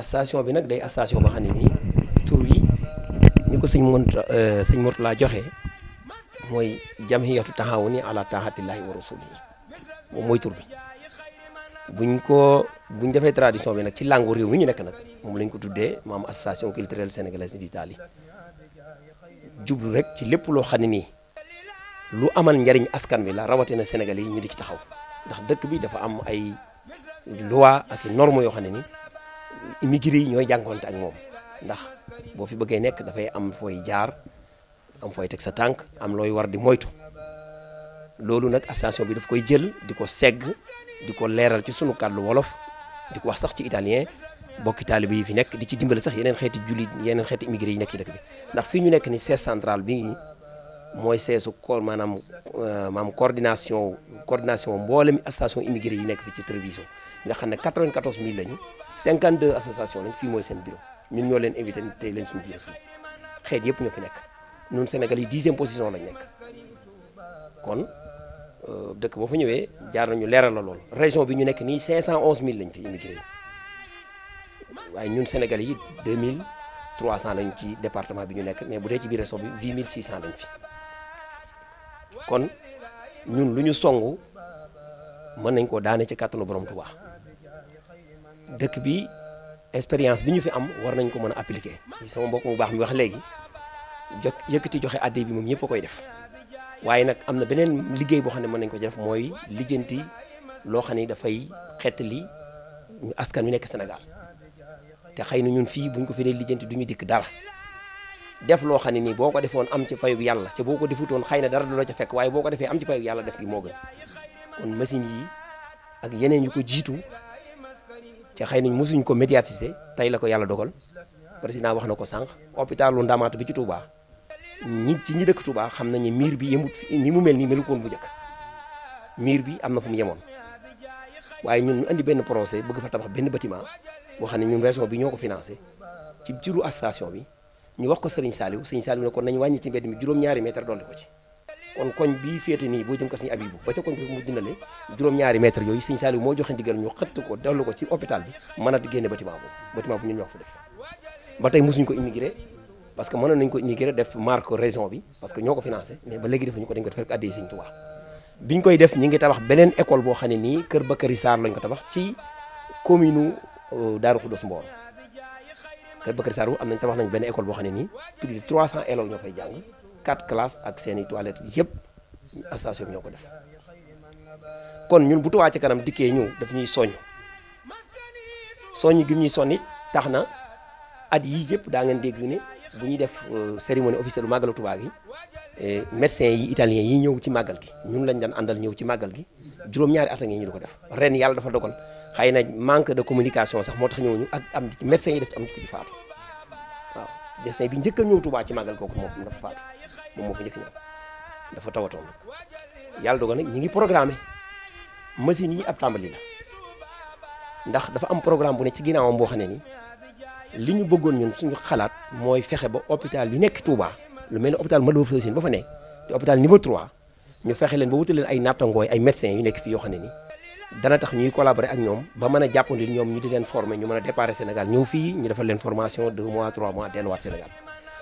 station bi nag day station boo xam ne nii tur yi ni ko sëñ mont euh, sëñ Mourtala joxe mooy jamhiyatu taxawuni ala taxatillahi wa rasulihi moom mooy tur bi buñ ko bu ñu defee tradition bi nag ci làngu réew mi ñu nekk nag moom lañ ko tuddee maam association culturelle sénégalaise taali jublu rek ci lépp loo xam ne nii lu amal njariñ askan bi la rawatina Sénégal yi ñu di ci taxaw ndax dëkk bi dafa am ay loi ak i normes yoo xam ne ni immigré yi ñooy jànkonte ak moom ndax boo fi bëggee nekk dafay am fooy jaar am fooy teg sa tànk am looy war di moytu loolu nag association bi daf koy jël di ko segg di ko leeral ci sunu kàddu wolof di ko wax sax ci italien bokki taalibe yi fi nekk di ci dimbale sax yeneen xeeti jullit yeneen xeeti immigré yi nekk ci dëkk ndax fii ñu nekk ni siège central bi mooy seesu ko maanaam euh, maam coordination coordination mboolem association immigré yi nekk fi ci télévision nga xam ne 94000 lañu 52 association lañ fii mooy seen bureau ñun ñoo leen invité tey leen suñu bureau fii xeet yëpp ñoo fi nekk ñun Sénégal yi dixième position lañ nekk Euh, dëkk boo fa ñëwee jaar nañu leeral la lool région bi ñu nekk nii 511000 lañ fi immigré waaye ñun Sénégalais yi 2300 lañ ci département bi ñu nekk mais bu dee ci biir région bi 8600 lañ fi kon ñun lu ñu songu mën nañ koo daane ci kàttanu borom Tuubaa dëkk bi expérience bi ñu fi am war nañ ko mën a appliquer. sama mbokk mu baax mi wax léegi jot yëkkati joxe àddiya bi moom ñëpp a koy def. waaye nag am na beneen liggéey boo xam ne mën nañ ko def mooy lijjanti loo xam ne dafay xettali ñu askan wi nekk Sénégal te xëy na ñun fii buñ ko fi dee lijjanti duñu dikk dara def loo xam ne nii boo ko defoon am ci fayu yàlla te boo ko defutoon na dara du la ca fekk waaye boo ko defee am ci fayu yàlla def gi moo gën kon machine yi ak yeneen yu ko jiitu ca xëy nañ mosuñ ko médiatiser tey la ko yàlla dogal président wax na ko sànq hôpitalu Ndamatou bi ci tuubaa ñi ci ñi dëkk Touba xam nañu miir bi yemut ni mu mel nii melu koon bu njëkk miir bi am na fu mu yemoon waaye ñun ñu andi benn projet bëgg fa tabax benn bâtiment xam ne ñun région bi ñoo ko financé ci turu association bi ñu wax ko Serigne Saliou Serigne Saliou nañ wàññi ci mbedd mi juróom-ñaari mètre dolli ko ci kon boo ko Serigne Abibou ba ca koñ bi mu dindale ñaari mètre yooyu Serigne Saliou moo joxe ndigal ñu xëtt ko dolli ko ci hôpital bi mën a génne bâtiment boobu bâtiment bu ñun ñoo ko fa def ba tey mosuñ ko immigré parce que mënoon nañu ko inaugurer def marque région bi parce que ñoo ko financé mais ba léegi defuñu ko dañ ko def rek addi Sëriñ Tuubaa biñ koy def ñi ngi tabax beneen école boo xam ne nii Kër Bakary Sarr lañ ko tabax ci commune u euh, Daaru Xudoos Mboor Kër Bakary Sarr am nañ tabax nañ benn école boo xam ne nii plus de 300 élèves ñoo fay jàng 4 classes ak seen i toilettes yëpp station bi ñoo ko def kon ñun bu Touba ci kanam dikkee ñu daf ñuy soññ soññ gi ñuy sonn it tax na at yii yëpp daa ngeen dégg ne bu ñuy def euh, cérémonie officielle bu màggalu Tuubaa gi euh, médecin yi italien yi ñëw ci màggal gi ñun lañ daan àndal ñëw ci màggal gi juróom-ñaari at a ñu di ko def ren yàlla dafa dogal xëy na manque de communication sax moo tax ñëwñu ak am médecin yi def am ci ko ci faatu waaw médecin bi njëkk a ñëw Tuubaa ci màggal kooku moom dafa faatu moom moo fa njëkk ñëw dafa tawatoon nag yàlla dogal nag ñi ngi programmé machine yi ab tàmbali la ndax dafa am programme bu ne ci ginnaawam boo xam nii li ñu bëggoon ñun suñu xalaat mooy fexe ba hôpital yu nekk Touba lu mel ni hôpital Matlaboul Fawzeyni ba fa ne di hôpital niveau 3 fexe leen ba wutal leen ay nattangooy ay médecins nekk fii yoo ne nii dana tax ñuy collaborer ak ñoom ba mën a jàppandi ñoom ñu di leen former ñu mën a déparé Sénégal ñëw fii ñu defal leen formation 2 mois 3 mois delluwaat Sénégal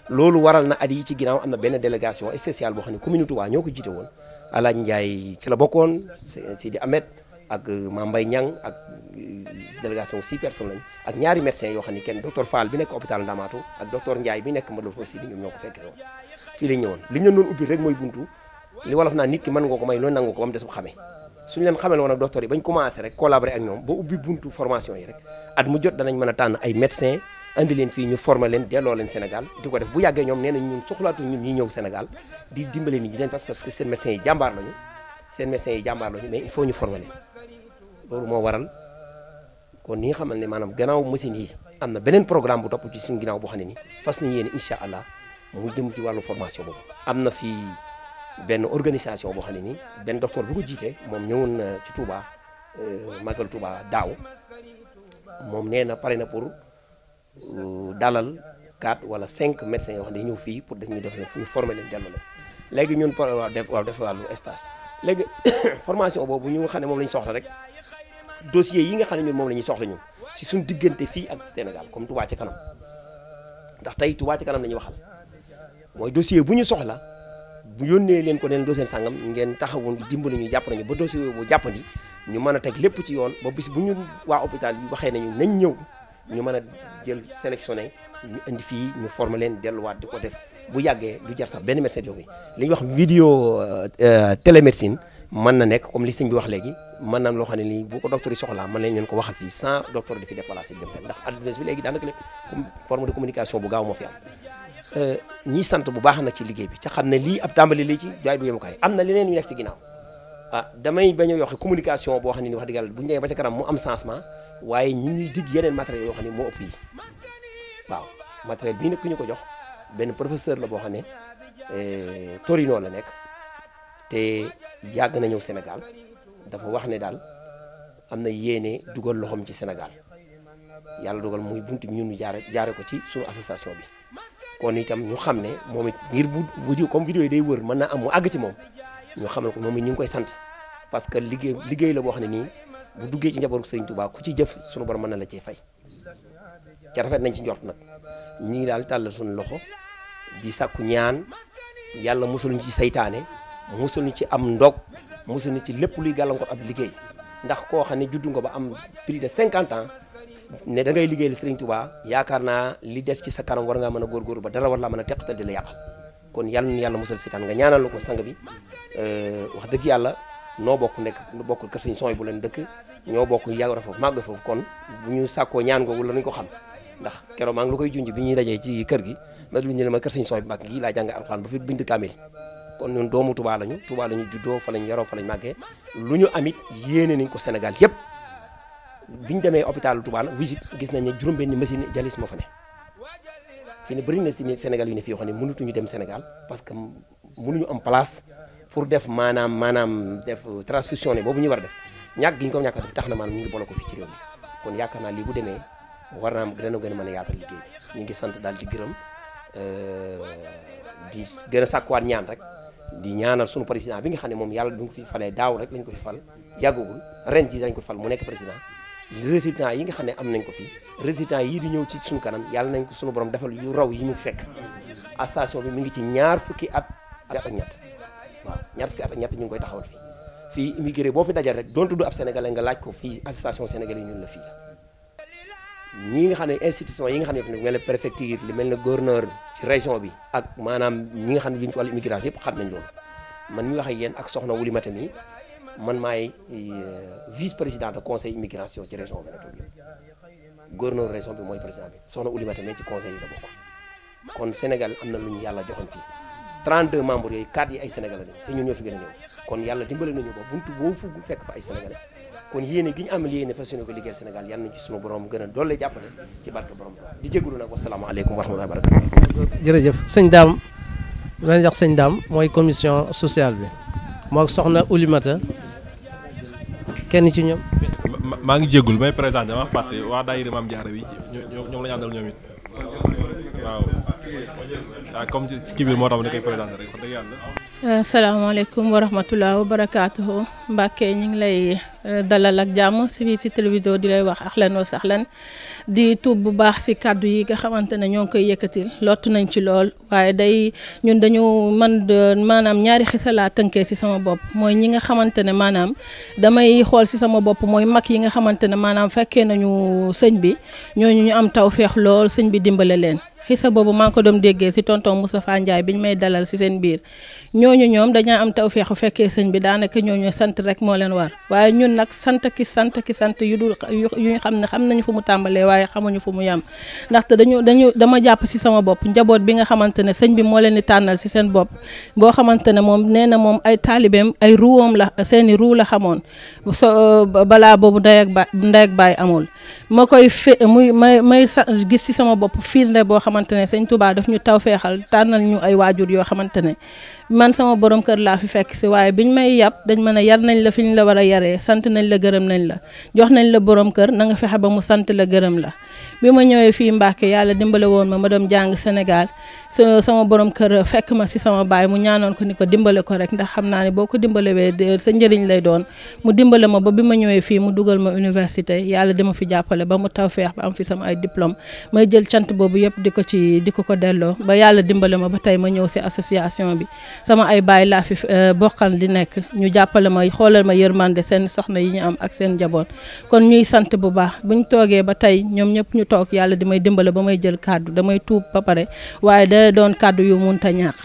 loolu waral na at yi ci ginnaaw am na benn délégation spéciale boo xam ne commune Touba ñoo ko jiite woon Alaaji Ndiaye ci la bokkoon Sidi Ahmed ak euh, Mame Mbaye Niang ak euh, délégation six personnes lañ ak ñaari médecins yoo xam ne kenn docteur Fall bi nekk hôpital Ndamatou ak docteur Ndiaye bi nekk Matlaboul Fawzeyni ñoom ñoo ko fekkee woon fii lañ ñu doon a tànn ay leen fii ñu former leen delloo leen Sénégal di ko def bu yàggee ñoom di dimbale nit ñi leen parce que seen médecins yi jàmbaar lañu seen médecins yi jàmbaar lañu mais il faut ñu former loolu moo waral kon ni nga xamal ne maanaam gannaaw machine yi am na beneen programme bu topp ci suñu ginnaaw boo xam ne ni fas nañu yéene incha allah mu jëm ci wàllu formation boobu. am na fi benn organisation boo xam ne ni benn docteur bu ko jiite moom ñëwoon na ci Touba euh, Magal Touba daaw moom nee na pare na pour euh, dalal 4 wala 5 médecins yoo xam ne ñëw fii pour dañuy def ñu former leen jàll leen léegi ñun def waaw def wàllu stage léegi formation boobu ñu nga xam ne moom la ñu soxla rek. dossier yi nga xam ne ñun moom la ñuy soxla ñun si suñu diggante fii ak Sénégal comme Touba ci kanam ndax tey tu ci kanam lañuy ñuy waxal mooy dossier bu ñu soxla bu yónnee leen ko neen dossier sàngam ngeen taxawoon dimbali ñu jàpp nañu ba dossier bu jàppandi ñu mën a teg lépp ci yoon ba bis bu ñu waa hôpital bi waxee nañu nañ ñëw ñu mën a jël sélectionné ñu indi fii ñu forme leen delluwaat di ko def bu yàggee du jar sax benn médecin jox li ñuy wax vidéo euh, euh, télémédecine mën na nekk comme li sëñ bi wax léegi mën na loo xam ne nii bu ko docteur yi soxlaa mën nañ leen ko wax fii sans docteur di fi déplacé dem ndax adresse bi léegi daanaka ne comme de communication bu gaaw moo fi am euh, ñiy sant bu baax nag ci liggéey bi ca xam ne lii ab tàmbali lii ci jaay yemukaay am na leneen yu nekk ci ginnaaw ah damay bañ a yoxe communication boo xam ne ni wax dëgg bu ñu demee ba ca kanam waaye ñu ñuy yeneen matériel yoo xam ne moo ëpp waaw matériel bii nag ki ñu ko jox benn professeur la boo xam ne euh, Torino la nekk te yàgg na ñëw senegal dafa wax ne daal am na yéene dugal loxoom ci Sénégal yàlla dugal muy bunt bi ñun jaare jaare ko ci suñu association bi kon itam ñu xam ne moom it ngir bu bu comme vidéo yi day wër mën naa am mu àgg ci moom ñu xamal ko moom it ñu ngi koy sant parce que liggéey liggéey la boo xam ne nii bu duggee ci njabootu Serigne Touba ku ci jëf suñu borom mën na la cee fay ca rafet nañ ci njort nag ñu ngi daal tàllal suñu loxo di sàkku ñaan yàlla ci saytaane musuñu ci am ndog musuñu ci lépp luy gàllankoor ab liggéey ndax koo xam ne juddu nga ba am plus de 50 ans ne da ngay liggéeyal Serigne Touba yaakaar naa li des ci sa kanam war ngaa mën a góorgóorlu ba dara war laa mën a teqatal di la yàqal kon yàlla na yàlla musal si taan nga ñaanal ko sang bi euh, wax dëgg yàlla noo bokk nekk bokk kër Serigne Sooy bu leen dëkk ñoo bokk yàgg foofu màgg foofu kon bu ñu sàkkoo ñaan googu la ñu ko xam ndax keroog maa ngi la koy junj bi ñuy dajee ci kër gi ma lu ñu ne ma kër Serigne Sooy bu mag gi laa jàng alxuraan ba fi bind kon ñun doomu Touba lañu Touba lañu juddoo fa lañ yaroo fa lañ màggee lu ñu amit yéene nañ ko Sénégal yëpp biñ demee hôpital Touba la gis nañ ne juróom-benni machine dialyse moo fa ne fi ne bëri na si Sénégal yu ne fii yoo ne mënutuñu dem Sénégal parce que mënuñu am place pour def maanaam maanaam def transfusion ne bu ñu war a def ñàkk gi ñu ko ñàkk a def tax na ñu ngi boole ko fii ci réew mi kon yaakaar naa lii bu demee war naa dana gën a mën a yaatal liggéey bi ñu ngi sant daal di gërëm euh, di gën a sàkkuwaat ñaan rek di ñaanal sunu président bi nga xam ne moom yàlla bi nga fi falee daaw rek lañ ko fi fal yàggagul ren ji dañ ko fal mu nekk président résident yi nga xam ne am nañ ko fi résident yii di ñëw ci suñu kanam yàlla nañ ko suñu borom defal yu raw yi mu fekk station bi mi ngi ci ñaar fukki at ak ñett waaw ñaar fukki at ak ñett ñu ngi koy taxawal fii fii immigré boo fi dajal rek donte du ab sénégalais nga laaj ko fii association sénégalais ñun la fii ñi nga xam ne institution yi nga xam ne fi mel ne préfecture li mel ne gouverneur ci région bi ak maanaam ñi nga xam ne jëm ci wàllu immigration yëpp xam nañ loolu man mi wax ak yéen ak soxna Wuli Mate man maay euh, vice président de conseil immigration ci région bi la toog gouverneur région bi mooy président bi soxna Wuli Mate mi ci conseil yi la kon Sénégal am na lu ñu yàlla joxoon fii 32 membres yooyu 4 yi ay sénégalais lañ te ñun ñoo fi gën kon yàlla dimbale nañu ba buntu boo fu kon yéene gi ñu amal yéene fas yéene ko liggéeyal Sénégal yal nañu ci sunu borom gën a doole jàppale ci barke borom di jégalu nag wasalaamaaleykum wa rahmatulah barakatu jërëjëf sëñ daam lañ jox sëñ daam mooy commission sociale bi moo soxna Oulimata kenn ci ñoom. maa ngi jégalu may présenté ma fàtte waa daayira Maam Jaara bi ñoom la ñu àndal ñoom it waaw comme ci kii bi moo tax ma ne koy rek salaamaaleykum wa rahmatulah wa barakaatuhu Mbacke ñu ngi lay eh, dalal ak jàmm si fii si télévidéo di lay wax ak ahlan wa leen di tuub bu baax si kàddu yi nga xamante ne ñoo ngi koy yëkkatil lottu nañ ci lool waaye day ñun dañu man maanaam ñaari xisalaa tënkee si sama bopp mooy ñi nga xamante ne maanaam damay xool si sama bopp mooy mag yi nga xamante ne maanaam fekkee nañu sëñ bi ñooñu ñu am tawféex lool sëñ bi dimbale leen. xisa boobu maa ngi ko doon déggee si tonton Moustapha Ndiaye bi ñu may dalal si seen biir ñooñu ñoom dañaa am tawféexu fekkee sëñ bi daanaka ñooñu sant rek moo leen war waaye ñun nag sant ki sant ki sant yu dul yu xam ne xam nañu fu mu tàmbalee waaye xamuñu fu mu yam ndaxte dañu dañu dama jàpp si sama bopp njaboot bi nga xamante ne sëñ bi moo leen di tànnal si seen bopp boo xamante ne moom nee na moom ay taalibeem ay ruwam la seeni ruu la xamoon so balaa boobu ndey ak baay ndey baay amul xamante ne sëñ Touba daf ñu tawféexal tànnal ñu ay waajur yoo xamante ne man sama boroom kër laa fi fekk si waaye biñ may yàpp dañ mën a yar nañ la fi ñu la war a yaree sant nañ la gërëm nañ la jox nañ la borom kër na nga fexe ba mu sant la gërëm la bi ma ñëwee fii Mbàkke yàlla dimbale woon ma ma doon jàng Sénégal sama borom kër fekk ma si sama baay mu ñaanoon ko ni ko dimbale ko rek ndax xam naa ne boo ko wee sa njëriñ lay doon mu dimbale ma ba bi ma ñëwee fii mu dugal ma université yàlla dama fi jàppale ba mu taw feex ba am fi sama ay diplôme may jël cant boobu yëpp di ko ci di ko delloo ba yàlla dimbale ma ba tey ma ñëw si association bi sama ay baay laa fi eh, bokkal di nekk ñu jàppale ma xoolal ma yërmande seen soxna yi ñu am ak seen njaboot kon ñuy sant bu baax buñ toogee ba tey ñoom toog yàlla dimay may dimbale ba may jël kàddu damay tuub ba pare waaye da doon kàddu yu munta ñàkk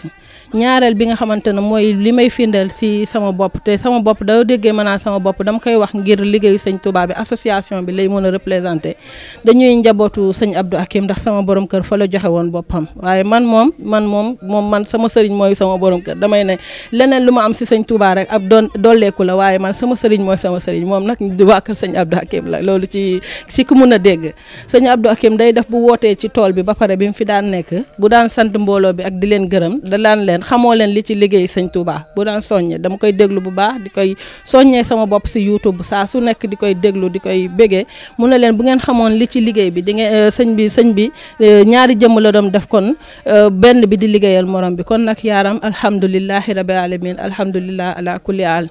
ñaareel bi nga xamante ne mooy li may findeel si sama bopp te sama bopp doo déggee mën naa sama bopp dama koy wax ngir liggéeyu sañ Touba bi association bi lay mën a représenté dañuy njabootu sañ Abdou Hakim ndax sama borom kër fa la joxe woon boppam waaye man moom man moom moom man sama sëriñ mooy sama borom kër damay ne leneen lu ma am si sëñ Touba rek ab doon dolleeku la waaye man sama sëriñ mooy sama sëriñ moom nag waa kër sëñ Abdou Hakim la loolu ci si ku mun a dégg sëñ Abdou Hakim day def bu wootee ci tool bi ba pare bi mu fi daan nekk bu daan sant mbooloo bi ak di leen gërëm da leen leen xamoo leen li ci liggéey sëñ Touba bu daan soññee dama koy déglu bu baax di koy soññee sama bopp si YouTube saa su nekk di koy déglu di koy bégee mu ne leen bu ngeen xamoon li ci liggéey bi di ngeen euh, sëñ bi sëñ bi euh, ñaari jëmm la doon def kon euh, benn bi di liggéeyal morom bi kon nag yaaram alhamdulilahi rabil alamin alhamdulilah ala kulli al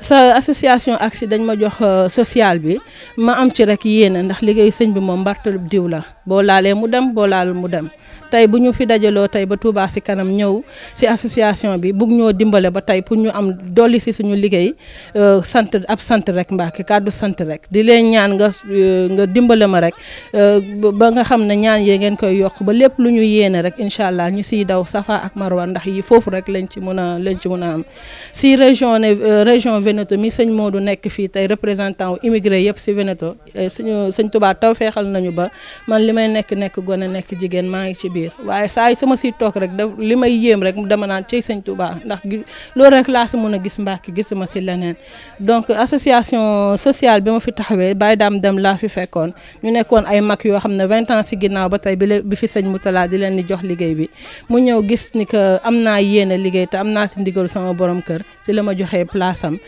sa association ACSI dañ ma jox sociale bi ma am ci rek yéene ndax liggéey sëñ bi moom mbartalub diw la boo laalee mu dem boo laalul mu dem tey bu ñu fi dajaloo tey ba Touba si kanam ñëw si association bi bug ñoo dimbale ba tey pour ñu am dolli si suñu liggéey euh, sant ab sant rek Mbacke kàddu sant rek di leen ñaan nga euh, nga dimbale ma rek euh, ba nga xam ne ñaan yee ngeen koy yokk ba lépp lu ñu yéene rek incha allah ñu siy daw safa ak marwa ndax yi foofu rek lañ ci mën a lañ ci mën a am si région région Veneto mi sëñ du nekk fii tey représentant wu immigré yëpp si Veneto suñu sëñ tubaat taw feexal nañu ba man li may nekk nekk gone nekk jigéen maa ngi ci biir waaye saa yu sama siy toog rek da li may yéem rek dama naan cey sëñ Touba ndax loolu rek laa si mën a gis Mbàkke gisuma si leneen donc association sociale bi ma fi taxawee Baye daam dem laa fi fekkoon ñu nekkoon ay mag yoo xam ne vingt ans si ginnaaw ba tey bi fi sëñ Moutala di leen di jox liggéey bi mu ñëw gis ni que am naa yéene liggéey te am naa si ndigal sama boroom kër si la ma joxee place am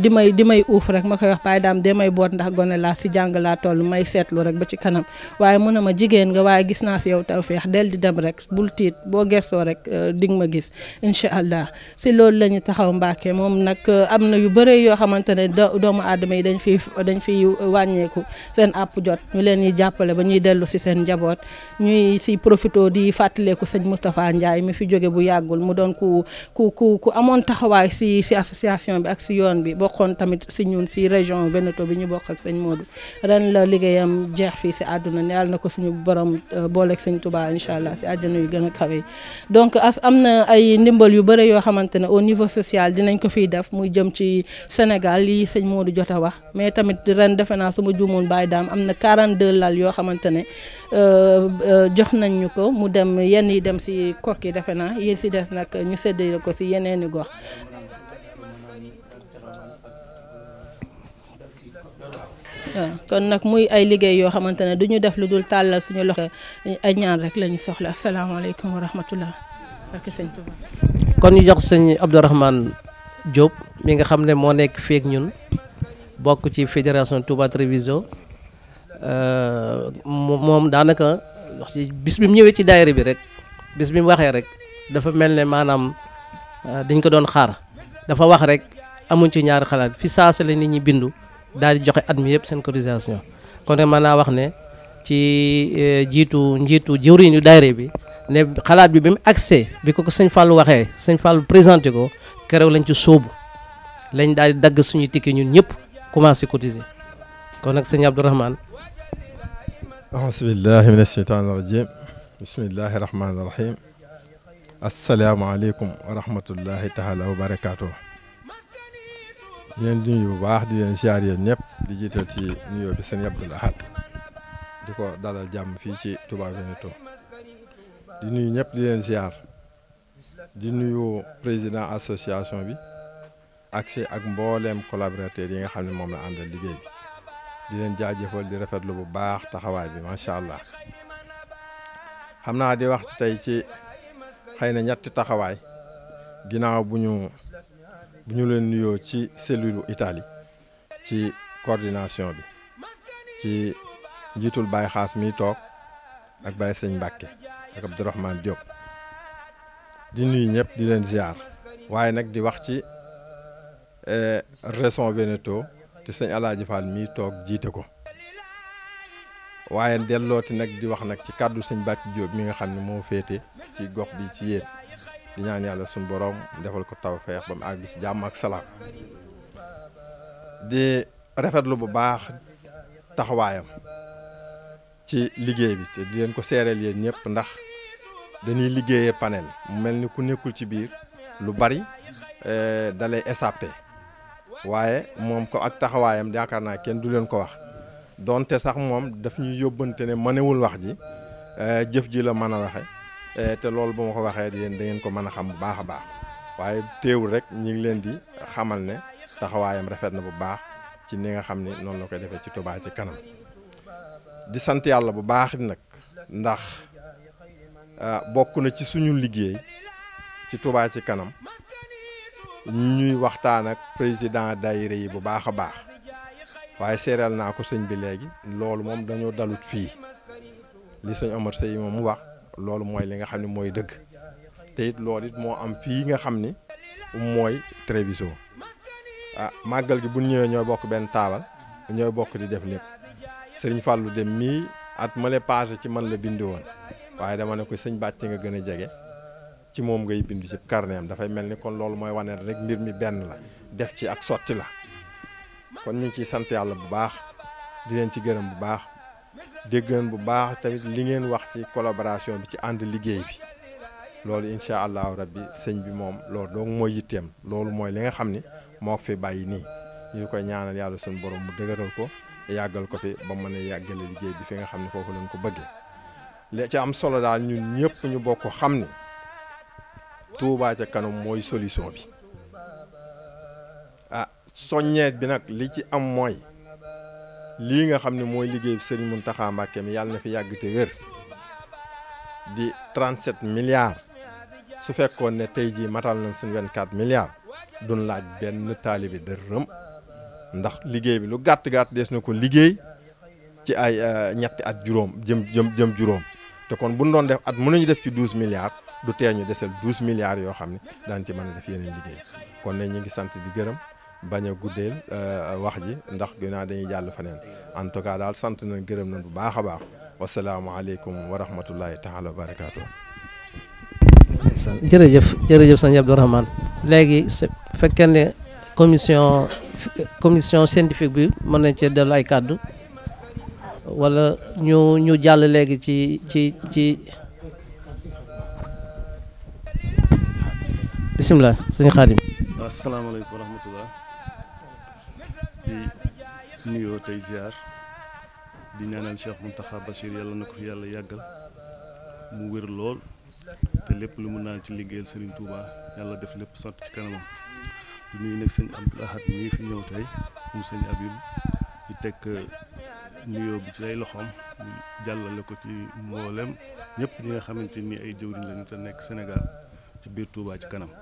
di may di may uuf rek ma koy wax paay daam dee may boot ndax gone laa si jàng laa toll may seetlu rek ba ci kanam waaye mu ne ma jigéen nga waaye gis naa si yow tawféex del di dem rek bul tiit boo gestoo rek euh, di nga ma gis incha allah si loolu la ñu taxaw mbaake moom nag euh, am na yu bëre yoo xamante ne doomu aadama yi dañ fi dañ fiy wàññeeku seen àpp jot ñu leen ñuy jàppale ba ñuy dellu si seen njaboot ñuy si profito di fàttaleeku sëñ Moustapha Ndiaye mi fi jóge bu yàggul mu doon si si association bi ak si yoon bi bokkoon tamit si ñun si région Veneto bi ñu bokk ak sëñ Modou ren la liggéeyam jeex fii si àdduna yàlla na ko suñu borom euh, booleek sëñ Touba incha allah si àdduna yu gën a kawe donc as am na ay ndimbal yu bëre yoo xamante ne au niveau social dinañ ko fii def muy jëm ci Sénégal lii sëñ moodu jot a wax mais tamit ren defe naa suma ma juumoon daam am na 42 lal yoo xamante ne euh, euh, jox nañ ñu ko mu dem yenn yi dem si kokki defe naa yéen si des nag ñu séddale ko si yeneeni gox kon nag muy ay liggéey yoo xamante ne du ñu def lu dul tàllal suñu loxo ay ñaan rek lañu soxla asalaamaaleykum wa rahmatullah kon ñu jox sëñ Abdourahmane Diop mi nga xam ne moo nekk fii ak ñun bokk ci fédération Touba Treviso euh, moom daanaka wax ci bis bi mu ñëwee ci daayira bi rek bis bi mu waxee rek dafa mel ne maanaam euh, dañ ko doon xaar dafa wax rek amuñ ci ñaari xalaat fi saasa la nit ñi bindu daal di joxe at mi yëpp seen cotisation kon nag mën naa wax ne ci eh, jiitu njiitu jëwriñu daayira bi ne xalaat bi bi mu accès bi ko ko sëñ Fallou waxee sëñ Fallou présenté ko keroog lañ ci sóobu lañ daal di dagg suñuy tikki ñun ñëpp commencé cotiser kon nag sëñ Abdourahmane ahasbillahi min asheytaan irajim bismillahi rahmaani rahim asalaamaaleykum wa rahmatullahi taala wa barakaatuh leen di nuyu bu baax di leen siyaar yéen ñëpp di jiital ci nuyoo bi sëñ Abdoul Ahad di ko dalal jàmm fii ci Touba Veneto di nuyu ñëpp di leen siyaar di nuyu président association bi ak si ak mbooleem collaborateurs yi nga xam ne moom la àndal liggéey bi di leen jaajëfal di rafetlu bu baax taxawaay bi macha allah xam naa di wax tey ci xëy na ñetti taxawaay ginnaaw bu ñu. bu ñu leen nuyoo ci cellule Italie ci coordination bi ci njiitul Baye Xaas mi toog ak Baye Sëñ Mbàkke ak Abdourahmane Diop di nuyu ñëpp di leen ziar waaye nag di wax ci eh, région Veneto te sëñ Alaaji Fall mii toog jiite ko waaye dellooti nag di wax nag ci kàddu sëñ Bàcc Diop mi nga xam ne moo féete ci gox bi ci yéen di ñaan yàlla suñ borom defal ko tawfeex ba mu àgg ci jàmm ak salaam di rafetlu bu baax taxawaayam ci liggéey bi te di leen ko seereel yéen ñëpp ndax dañuy liggéeyee panel mel ni ku nekkul ci biir lu bari eh, da lay échappé waaye moom ko ak taxawaayam yaakaar naa kenn du leen ko wax donte sax moom daf ñuy yóbbante ne newul wax ji eh, jëf ji la mën a waxe Eh, te loolu bu ma ko waxee yéen da ngeen ko mën a xam bu baax a baax waaye téewul rek ñi ngi leen di xamal ne taxawaayam rafet na bu baax ci ni nga xam ne noonu la koy defee ci Touba ci kanam di sant yàlla bu baax nag ndax ah, bokk na ci suñu liggéey ci Touba ci kanam ñuy waxtaan ak président daayira yi bu baax a baax waaye seeral naa ko sëñ bi léegi loolu moom dañoo dalut fii li sëñ Omar Seye moom mu wax. loolu mooy li nga xam ne mooy dëgg te it lool it moo am fii nga xam ni mooy Treviso ah màggal gi bu ñëwee ñooy bokk benn taabal ñooy bokk di def lépp sëriñ Fallou dem mii at ma la ci man la bind woon waaye dama ne ko sëñ bàcc nga gën a jege ci moom ngay bindu ci carnet dafay mel ni kon loolu mooy wane rek mbir mi benn la def ci ak sotti la kon ñu ciy sant yàlla bu baax di leen ci gërëm bu baax. dégg bu baax tamit li ngeen wax ci collaboration bi ci ànd liggéey bi loolu incha allahu bi sëñ bi moom loolu donc mooy yitteem loolu mooy li nga xam ni moo fi bàyyi nii ñu koy ñaanal yàlla suñu borom mu dëgëral ko yàggal ko fi ba mën a yàggale liggéey bi fi nga xam ne foofu leen ko bëggee li ci am solo daal ñun ñëpp ñu bokk xam ni Touba ca kanam mooy solution bi ah soññeet bi nag li ci am mooy. lii nga xam ne mooy liggéey Serigne Mountakha Mbacké mi yàlla na fi yàgg te wér di 37 milliards su fekkoon ne tey jii matal nañ suñ 24 milliards duñ laaj benn taalibe dërëm ndax liggéey bi lu gàtt gàtt des na ko liggéey ci ay euh, ñetti at juróom jëm jëm jëm juróom te kon bu nu doon def at mën ñu def ci 12 milliards du tee ñu desal 12 milliards yoo xam ne daan ci mën a def yeneen liggéey kon ne ñu ngi sant di gërëm. bañ a guddeel euh, wax ji ndax ginnaaw dañuy jàll feneen en tout cas daal sant nañ gërëm nañ bu baax a baax wasalaamaaleykum wa rahmatullahi taala wa barakaatu. jërëjëf jërëjëf sëñ Abdourahmane léegi fekkee ne commission commission scientifique bi mën nañ ci dellu ay kàddu wala ñu ñu jàll léegi ci ci ci. bisimilah sëñ Xaadim. asalaamaaleykum di nuyoo tey ziar di ñaanal Cheikh Mountakha Bachir yàlla na ko fi yàlla yàggal mu wér lool te lépp lu mun naa ci liggéeyal Serigne Touba yàlla def lépp sant ci kanamam di nuyu nag sëñ Abdoul Ahad mi fi ñëw tey mu sëñ Abib di teg euh, nuyoo bi ci ay loxoom jàllale ko ci mboolem ñëpp ñi nga xamante ni ay jëwriñ lañu te nekk senegal ci biir Touba ci kanam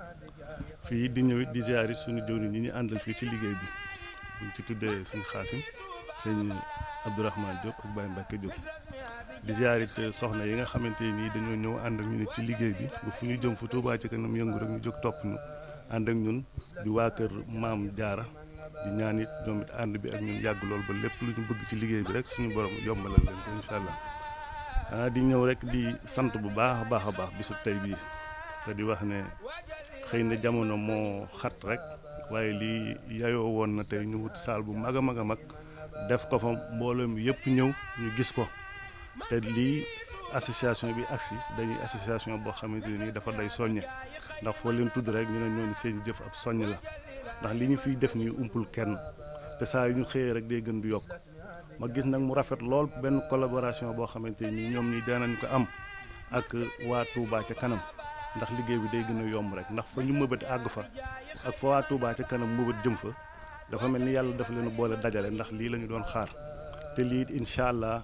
fii di ñëw di ziar suñu jëwriñ ñi ñu àndal fii ci liggéey bi. ñu ci tuddee sëñ xaasim sëñ Abdourahman Diop ak Baye Mbacke Diop di ziarit soxna yi nga xamante nii dañoo ñëw ànd ak ñu ci liggéey bi bu fu ñu jëm fu Touba ci kanam yëngu rek ñu jóg topp ñu ànd ak ñun di waa kër maam jaara di ñaan it ñoom it ànd bi ak ñun yàgg lool ba lépp lu ñu bëgg ci liggéey bi rek suñu borom yombalal leen ko incha allah ah di ñëw rek di sant bu baax a baax a baax bisu tey bii te di wax ne xëy na jamono moo xat rek waaye lii yayoo woon na tey ñu wut saal bu mag a mag a mag def ko fa mbooloo mi yëpp ñëw ñu gis ko te lii association bi agsi dañuy association boo xamante nii dafa day soññe ndax foo leen tudd rek ñu ne ñoon seen jëf ak soññ la ndax li ñu fiy def ñuy umpul kenn te saa yu ñu xëyee rek day gën du yokk ma gis nag mu rafet lool benn collaboration boo xamante nii ñoom ñu danañ ko am ak waa Touba ca kanam ndax liggéey bi day gën yomb rek ndax fa ñu mëbët àgg fa ak fa waa Touba ca kanam mëbët jëm fa dafa mel ni yàlla dafa leen boole dajale ndax lii la ñu doon xaar te lii incha allah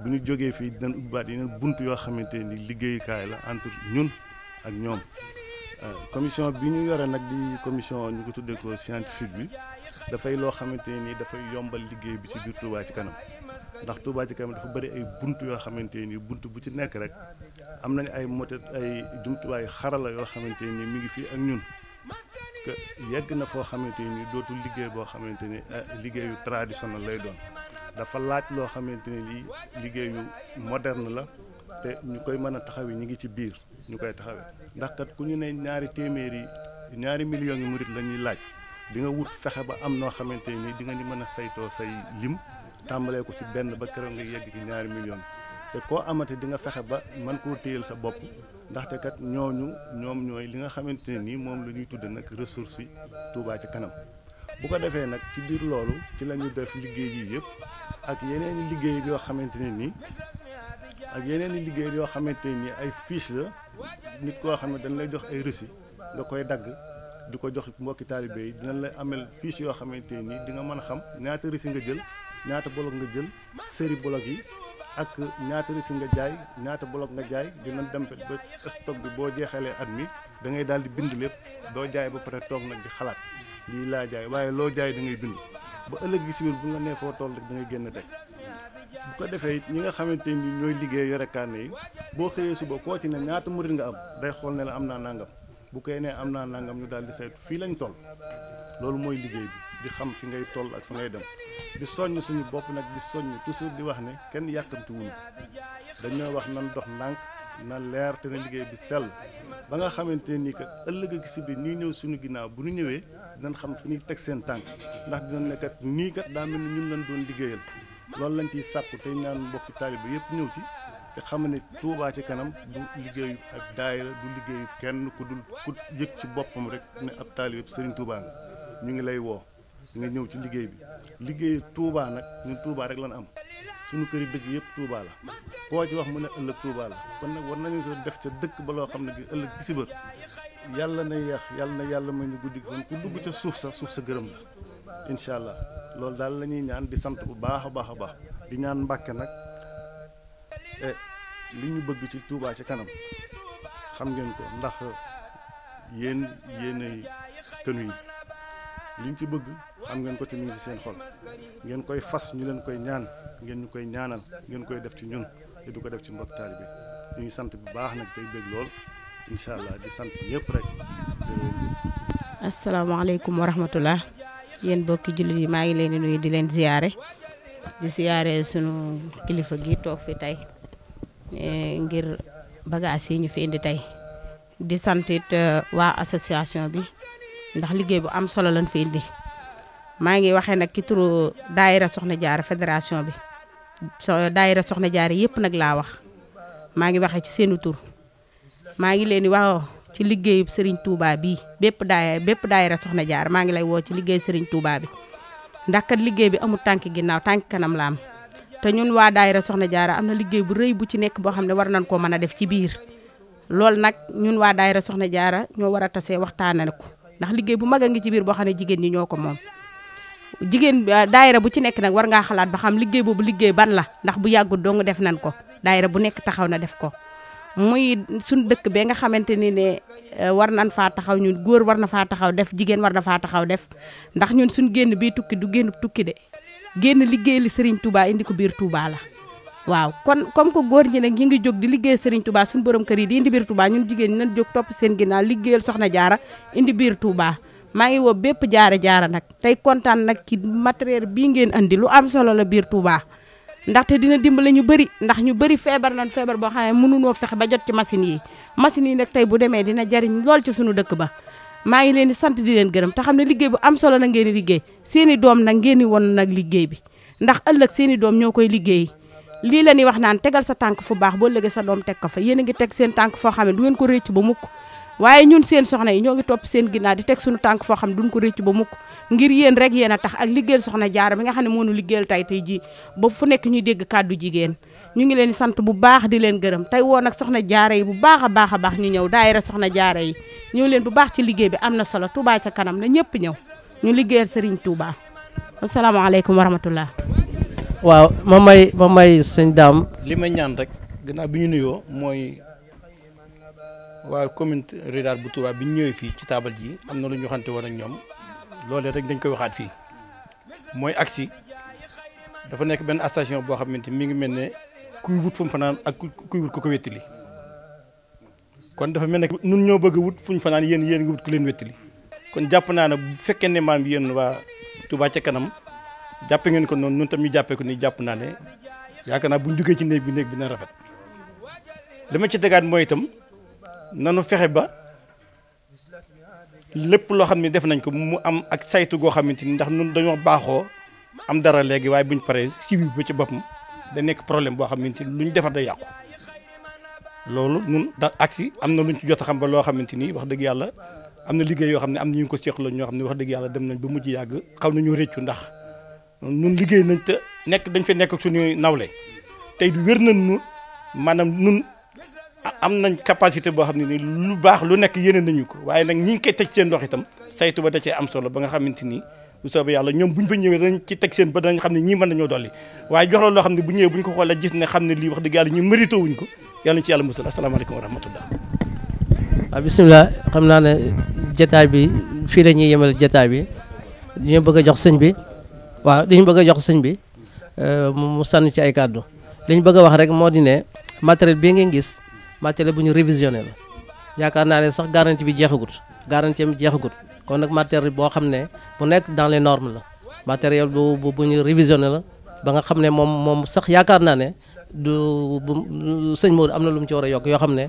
bu ñu jógee fii dinañ ubbaat yeneen bunt yoo xamante ni liggéeyukaay la entre ñun ak ñoom. Euh, commission bi ñu yore nag di commission ñu ko tuddee ko scientifique bi dafay loo xamante nii dafay yombal liggéey bi ci biir Touba ci kanam. ndax Touba Ca Kanam dafa bëri ay bunt yoo xamante ni bunt bu ci nekk rek am nañ ay motet ay jumtuwaay xarala yoo xamante ni mi ngi fii ak ñun que yegg na foo xamante ni dootul liggéey boo xamante ni eh, liggéeyu traditionnel lay doon dafa laaj loo xamante nii lii liggéeyu moderne la te ñu koy mën a taxawee ñu ngi ci biir ñu koy taxawee ndax kat ku ñu ne ñaari téeméeri ñaari millions yi murit la ñuy laaj di nga wut fexe ba am noo xamante nii di nga mën a saytoo say lim. tàmbalee ko ci benn ba këram nga yegg ci ñaari million te koo amate di nga fexe ba mën koo téyel sa bopp ndaxte kat ñooñu ñoom ñooy li nga xamante ne nii moom la ñuy tudde nag ressource yi Touba ci kanam bu ko defee nag ci biir loolu ci la ñu def liggéey yi yëpp ak yeneen liggéey yoo xamante ne nii ak yeneen liggéey yoo xamante nii ay fiche la nit koo xam ne dañ lay jox ay reçu nga koy dagg di ko jox mbokki taalibe yi dinañ lay ameel fiche yoo xamante nii di nga mën a xam ñaata reçu nga jël ñaata bolok nga jël séri bolok yi ak ñaata risi nga jaay ñaata bolok nga jaay dina dem ba stock bi boo jeexalee at mi da ngay daal di bind lépp doo jaay ba pare toog nag di xalaat lii laa jaay waaye loo jaay da ngay bind ba ëllëg gi si bu nga nee foo toll rek da ngay génn teg bu ko defee ñi nga xamante ni ñooy liggéey yore kaane yi boo xëyee suba koo ci ne ñaata murit nga am day xool ne la am naa nangam bu koy nee am naa nangam ñu daal di saytu fii lañ toll loolu mooy liggéey bi. di xam fi ngay toll ak fi ngay dem di soññ suñu bopp nag di soññ toujours di wax ne kenn yàqamtiwuñu dañoo wax nan dox ndànk na leer te na liggéey bi sell ba nga xamante ni que ëllëg ak si bi ñuy ñëw suñu ginnaaw bu ñu ñëwee dinañ xam fi ñuy teg seen tànk ndax dinañ ne kat nii kat daa ni ñun lañ doon liggéeyal loolu lañ ciy sàkku tey ñaan mbokki taaliba yëpp ñëw ci te xam ne Touba ci kanam du liggéeyu ak daayira du liggéeyu kenn ku dul ku yëg ci boppam rek ab taaliba Serigne Touba ñu ngi lay woo. nga ñëw ci liggéey bi liggéey Touba nag ñun Touba rek lan am suñu këri dëgg yëpp Touba la koo ci wax mu ne ëllëg Touba la kon nag war nañu soo def ca dëkk ba loo xam ne gi ëllëg gisi yàlla na yeex yàlla na yàlla may ñu guddi kon ku dugg ca suuf sa suuf sa gërëm la incha allah loolu daal la ñuy ñaan di sant bu baax a baax a baax di ñaan Mbàkke nag eh, li ñu bëgg ci Touba ci kanam xam ngeen ko ndax yéen yéenay kënu yi liñ ci bëgg xam ngeen ko te mi ngi seen xol ngeen koy fas ñu leen koy ñaan ngeen ñu koy ñaanal ngeen koy def ci ñun du ko def ci mbokk taalibe bi ñu sant bi baax nag tey bëgg lool incha allah di sant yéen bokki jullit yi maa ngi leen di nuyu di leen ziyaare di ziyaare sunu kilifa gi toog fi tey eh, ngir bagage yi ñu fi indi tey di sant eh, waa association bi ndax liggéey bu am solo lañ fi indi. maa ngi waxee nag ki turu daayira Soxna Jaara fédération bi so daayira Soxna Jaara yëpp nag laa wax maa ngi waxe ci seenu tur maa ngi leen di waxoo ci liggéeyu Serigne Touba bii bépp daay bépp daayira Soxna Jaara maa ngi lay woo ci liggéey Serigne Touba bi ndax kat liggéey bi amul tànk ginnaaw tànk kanam laam te ñun waa daayira Soxna Jaara am na liggéey bu rëy bu ci nekk boo xam ne war nañ koo mën a def ci biir loolu nag ñun waa daayira Soxna Jaara ñoo war a tasee waxtaanee ko ndax liggéey bu mag a ngi ci biir boo xam ne jigéen ñi ñoo ko moom jigéen euh, daayira bu ci nekk nag war ngaa xalaat ba xam liggéey boobu liggéey ban la ndax bu yàggul dong def nañ ko daayira bu nekk taxaw na def ko muy suñ dëkk bee nga xamante ni ne euh, war nan faa taxaw ñun góor war na faa taxaw def jigéen war na faa taxaw def ndax ñun suñ génn bii tukki du génn tukki de génn liggéey li Serigne Touba indi ko biir Touba la waaw kon comme que góor ñi nag ñi ngi jóg di liggéey sëriñ tubaa suñu borom kër yi di indi biir Touba ñun jigéen ñi nañ jóg topp seen ginnaaw liggéeyal Soxna Jaara indi biir Touba maa ngi woo bépp jaara jaara nag tey kontaan nag ci matériel bii ngeen indi lu am solo la biir Touba ndaxte dina dimbale ñu bëri ndax ñu bëri feebar nan feebar boo xam ne mënunoo fexe ba jot ci machine yi machine yi nag tey bu demee dina jariñ lool ci suñu dëkk ba maa ngi leen di sant di leen gërëm te xam ne liggéey bu am solo na ngeen di liggéey seen i doom nag ngeen di won nag liggéey bi ndax ëllëg seen i doom ñoo koy liggéey lii leen i wax naan tegal sa tànk fu baax boo lëgee sa doom teg ko fa yéen a teg seen foo xam ne du ko récc ba mukk waaye ñun seen soxna yi ñoo ngi topp seen ginaar di teg suñu tànk foo xam ne duñ ko rëcc ba mukk ngir yéen rek yéen a tax ak liggéeyal soxna jaara bi nga xam ne moonu liggéeyal tay tey ji ba fu nekk ñuy dégg kàddu jigéen ñu ngi leen sant bu baax di leen gërëm tey woon soxna jaara yi bu baax a baax a baax ñu ñëw daay daayira soxna jaara yi ñëw leen bu baax ci liggéey bi am na solo Touba ca kanam na ñëpp ñëw ñu liggéeyal Serigne Touba asalaamaaleykum wa rahmatullah waaw ma may ma may sëñ daam li may ñaan rek gannaaw bi ñu nuyoo mooy waaw commune rurale bu Touba bi ñu ñëwee fii ci taabal ji am na lu ñu waxante woon ak ñoom loolee rek dañ koy waxaat fii mooy agsi dafa nekk benn station boo xamante mi ngi mel ne kuy wut fanaan ak kuy wut ku ko wettali kon dafa mel ne nun ñoo bëgg wut fu ñu fanaan yéen yéen ngi leen wettali kon jàpp naa ne bu fekkee ne maam yéen waa Touba ca kanam jàppe ngeen ko noonu nun tam ñu jàppee ko nii jàpp naa ne yaakaar naa bu ñu ci néeg bi néeg bi na rafet li ma ci dëggaat mooy itam. nanu fexe ba lépp loo xam ne def nañ ko mu am ak saytu goo xamante ni ndax nun dañoo baaxoo am dara léegi waaye buñ paree suivi bu ci boppam da nekk problème boo xamante lu ñu defar day yàqu loolu nun da agsi am na luñ ci jot a xam ba loo xamante ni wax dëgg yàlla am na liggéey yoo xam ne am na ñu ko seexloon ñoo xam ne wax dëgg yàlla dem nañ ba mujj yàgg xaw nañu réccu ndax nun liggéey nañ te nekk dañ fa nekk ak suñuy nawle tey wér nañ nu am nañ capacité boo xam ne ni lu baax lu nekk yeneen nañu ko waaye nag ñi ngi koy teg seen loxo itam saytu ba da am solo ba nga xamante ni bu soobee yàlla ñoom buñ fa ñëwee dañ ci teg seen ba dañ xam ne ñii mën nañoo dolli waaye jox la loo xam ne bu ñëwee buñ ko xoolee gis ne xam ne lii wax dëgg yàlla ñu mérito wuñ ko yàlla ñu ci yàlla musal asalaamaaleykum wa rahmatullah waaw bisimilah xam naa ne jataay bi fii la ñuy yemal jataay bi dañu bëgg a jox sëñ bi waaw dañu bëgg a jox sëñ bi euh, mu sànni ci ay kàddu li ñu bëgg wax rek moo di ne matériel bii ngeen gis matériel bu ñu révisionné yaakaar naa ne sax garantie bi jeexagut garantie am jeexagut kon nag matériel boo xam ne bu nekk dans les normes la matériel bu bu bu ñu révisionné la ba nga xam ne moom moom sax yaakaar naa ne du bu sëñ Modou am na lu mu ci war a yokk yoo xam ne.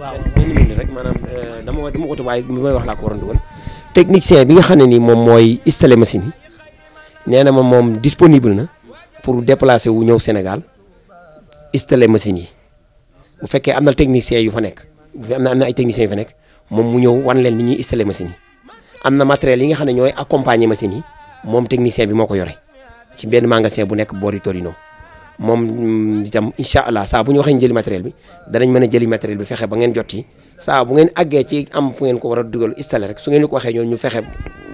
waaw benn minute rek maanaam euh, dama oto waaye li may wax laa ko waroon technicien bi nga xam ne nii moom mooy installer machine yi nee na ma moom disponible na pour déplacer wu ñëw Sénégal installer machine yi. bu fekkee am na technicien yu fa nekk bu am na am na moom mu ñëw wan leen ni ñuy installer machine yi am na matériel yi nga xam ne ñooy accompagner machine yi moom technicien bi moo ko yore ci benn magasin bu nekk boori Torino moom mm, itam incha allah saa bu ñu waxee jëli matériel bi danañ mën jëli matériel bi fexe ba ngeen jot ci saa bu ngeen àggee ci am fu ngeen ko war a dugal installer rek su ngeen ko waxee ñoom ñu fexe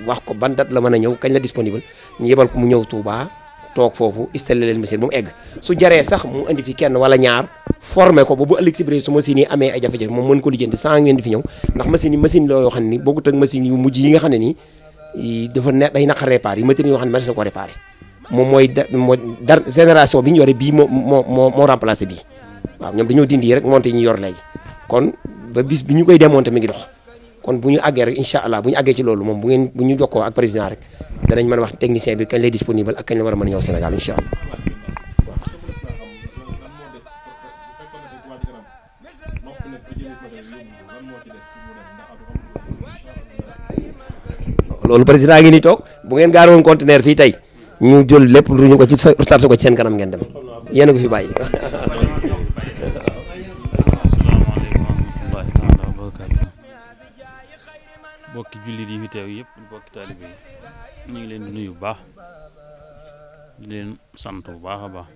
wax ko ban date la mën a ñëw kañ la disponible ñu yebal ko mu ñëw Touba toog foofu installer leen machine bu egg su jaree sax mu indi fi kenn wala ñaar formé ko ba bu ëllëg su machine yi amee ay jafe-jafe moom mën ko lijjanti sans ngeen di fi ñëw ndax machine yi machine la yoo xam ne ni machine yu xam ne nii dafa ne day naq réparé yi yoo xam ne machine ko réparé moom mooy moo dar génération bi ñu yore bii moo moo moo moo remplacé bii waaw ñoom dañoo dindi rek monté yi ñu yor léegi kon ba bis ñu koy démonté mi ngi dox kon bu ñu àggee rek incha allah bu loolu moom bu ngeen bu ñu jokkoo ak président rek danañ a wax technicien bi kañ lay disponible ak kañ la war a mën a ñëw Sénégal incha allah loolu président ngi ni toog bu ngeen gaar woon conteneur fii tey ñu jël lépp lu ñu ko ci sart ko ci seen kanam ngeen dem yéen a ko fi bàyyi. mbokki jullit yi fi teew yëpp mbokki taalibe yi ñu ngi leen di nuyu bu baax leen sant bu baax a baax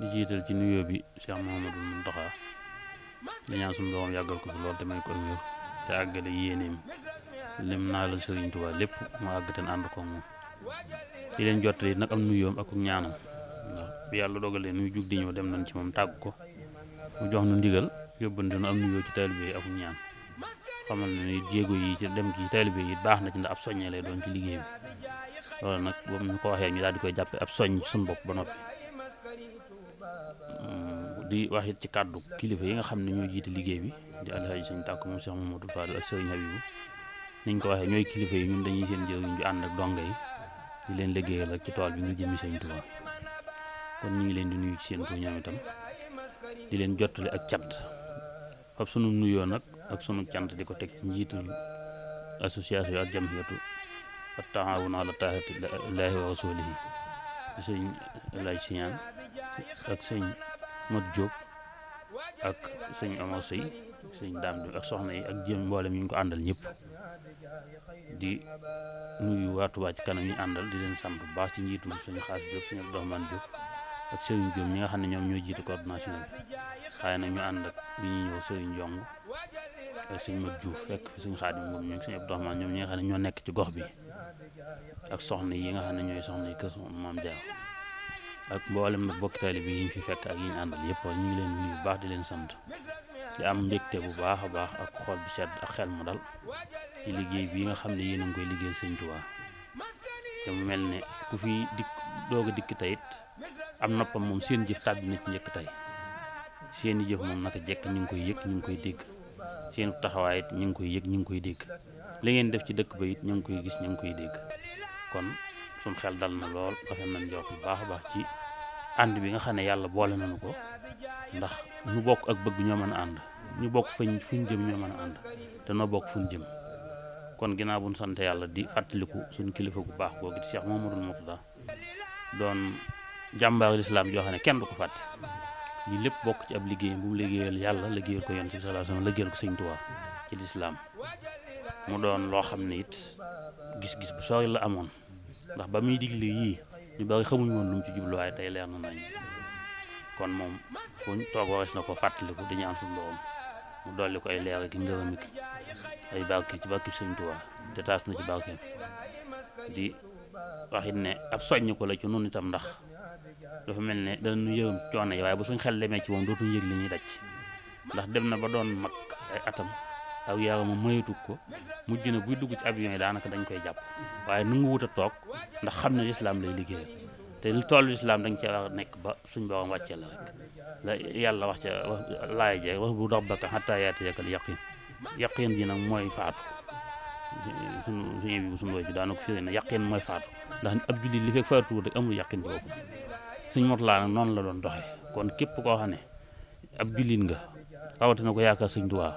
di jiital ci nuyoo bi Cheikh Mouhamadou Mountakha di ñaan suñu doomam yàggal ko fi lool te may ko wér te lim naa la Sëriñ lépp mu àgg te ànd ko moom di leen jottali nag am nuyoom ak ñaanam waaw yàlla dogalee nuy jug di ñëw dem nañ ci moom tàgg ko mu jox nu ndigal yóbbante nu am nuyoo ci yi ak ñaan xamal na baax na ci ndax ab soññee lay doon ci liggéey bi loolu nag ba ko waxee ñu daal di koy jàppe ab soññ ci suñu bopp ba noppi mm, di wax it ci kàddu kilifa yi nga xam ne ñoo jiite liggéey bi di alhaji sëñ tàkk moom Cheikh Mamadou Fadou ak sëriñ niñ ko waxee ñooy kilifa yi ñun dañuy seen jëw ñu ànd ak donga yi di leen liggéeyal ak ci tool bi nga jëmi sëñ Tuubaa kon ñu ngi leen di nuyu ci seen tur ñoom itam di leen jottali ak cant ab sunu nuyoo nag ak sunu cant di ko teg ci njiitul association ak jamhiyatu ak taawun ala taati laahi wa sëñ laaj ak sëñ Mat Diop ak sëñ sëñ daam bi ak soxna yi ak jëm mboolem yi ñu ko àndal ñëpp di nuyu waa Touba ci kanam ñu àndal di leen sant bu baax ci njiitum suñu xaas Diop suñu Abdourahmane Diop ak Serigne ñi nga xam ne ñoom ñoo jiitu coordination bi xaaye nag ñu ànd ak bi ñuy ñëw Jong ak suñu mag Diouf fekk fi suñu xaadim moom ñu ngi suñu Abdourahmane ñoom ñi nga xam ne ñoo nekk ci gox bi ak soxna yi nga xam ne ñooy soxna yi kër maam Dia ak mboolem nag bokk taalibe bi ñu fi fekk ak yi ñu àndal yëpp ñu ngi leen nuyu bu baax di leen sant di am mbégte bu baax a baax ak xol bu sedd ak xel mu dal ci liggéey bi nga xam ne yéen a koy liggéey sëñ Tuubaa te mu mel ne ku fi dikk doog a dikk teyit am noppam moom seen jëf tàbbi na ci njëkk tey seen i jëf moom naka jekk ñu ngi koy yëg ñu ngi koy dégg seen taxawaay ñu ngi koy yëg ñu ngi koy dégg li ngeen def ci dëkk ba it ñu ngi koy gis ñu ngi koy dégg kon suñ xel dal na lool rafet nañ jox bu baax baax ci ànd bi nga xam ne yàlla boole nañu ko ndax ñu bokk ak bëgg ñoo mën a ànd ñu bokk fañ fuñ jëm ñoo mën a ànd te noo bokk fuñ jëm kon ginnaaw bu ñu sant yàlla di fàttaliku suñu kilifa gu baax googu di Cheikh Mamadou Mourtada doon jàmbaar lislaam joo xam ne kenn du ko fàtte lii lépp bokk ci ab liggéey bu mu liggéeyal yàlla liggéeyal ko yoon ci sallallahu la wasallam liggéeyal ko Sëñ Tuubaa ci lislaam mu doon loo xam ne it gis-gis bu sori la amoon ndax ba muy digle yii ñu bari xamuñ woon lu mu ci jublu tey leer na nañ kon moom fuñ toog warees na ko fàttaliku di ñaan suñu borom mu dolli ko ay leer ak ngërëm ak ay barke ci barke Sëriñ Tuubaa te taas na ci barkeem di waxit ne ab soññ ko la ci noonu itam ndax dafa mel ne danañu yërëm coono yi waaye ba suñ xel demee ci moom dootuñu yëg li ñuy daj ndax dem na ba doon mag ay atam aw yaramam mayatu ko mujj na buy dugg ci avion yi daanaka dañ koy jàpp waaye nu nga wut a toog ndax xam ne lislaam lay liggéeyal te lu toll lislaam dañ cee war nekk ba suñ borom wàccee la rek la yàlla wax ca laay jeeg wax bu rabbaka xataa yaatiyakal yaqin yaqin ji nag mooy faatu suñu suñu bi suñu woy bi ko firi na yaqin mooy faatu ndax ab jullit li fekk faatu rek amul yaqin boobu suñ motulaa noonu la doon doxee kon képp koo xam ne ab nga rawatina ko yaakaar suñ duwaa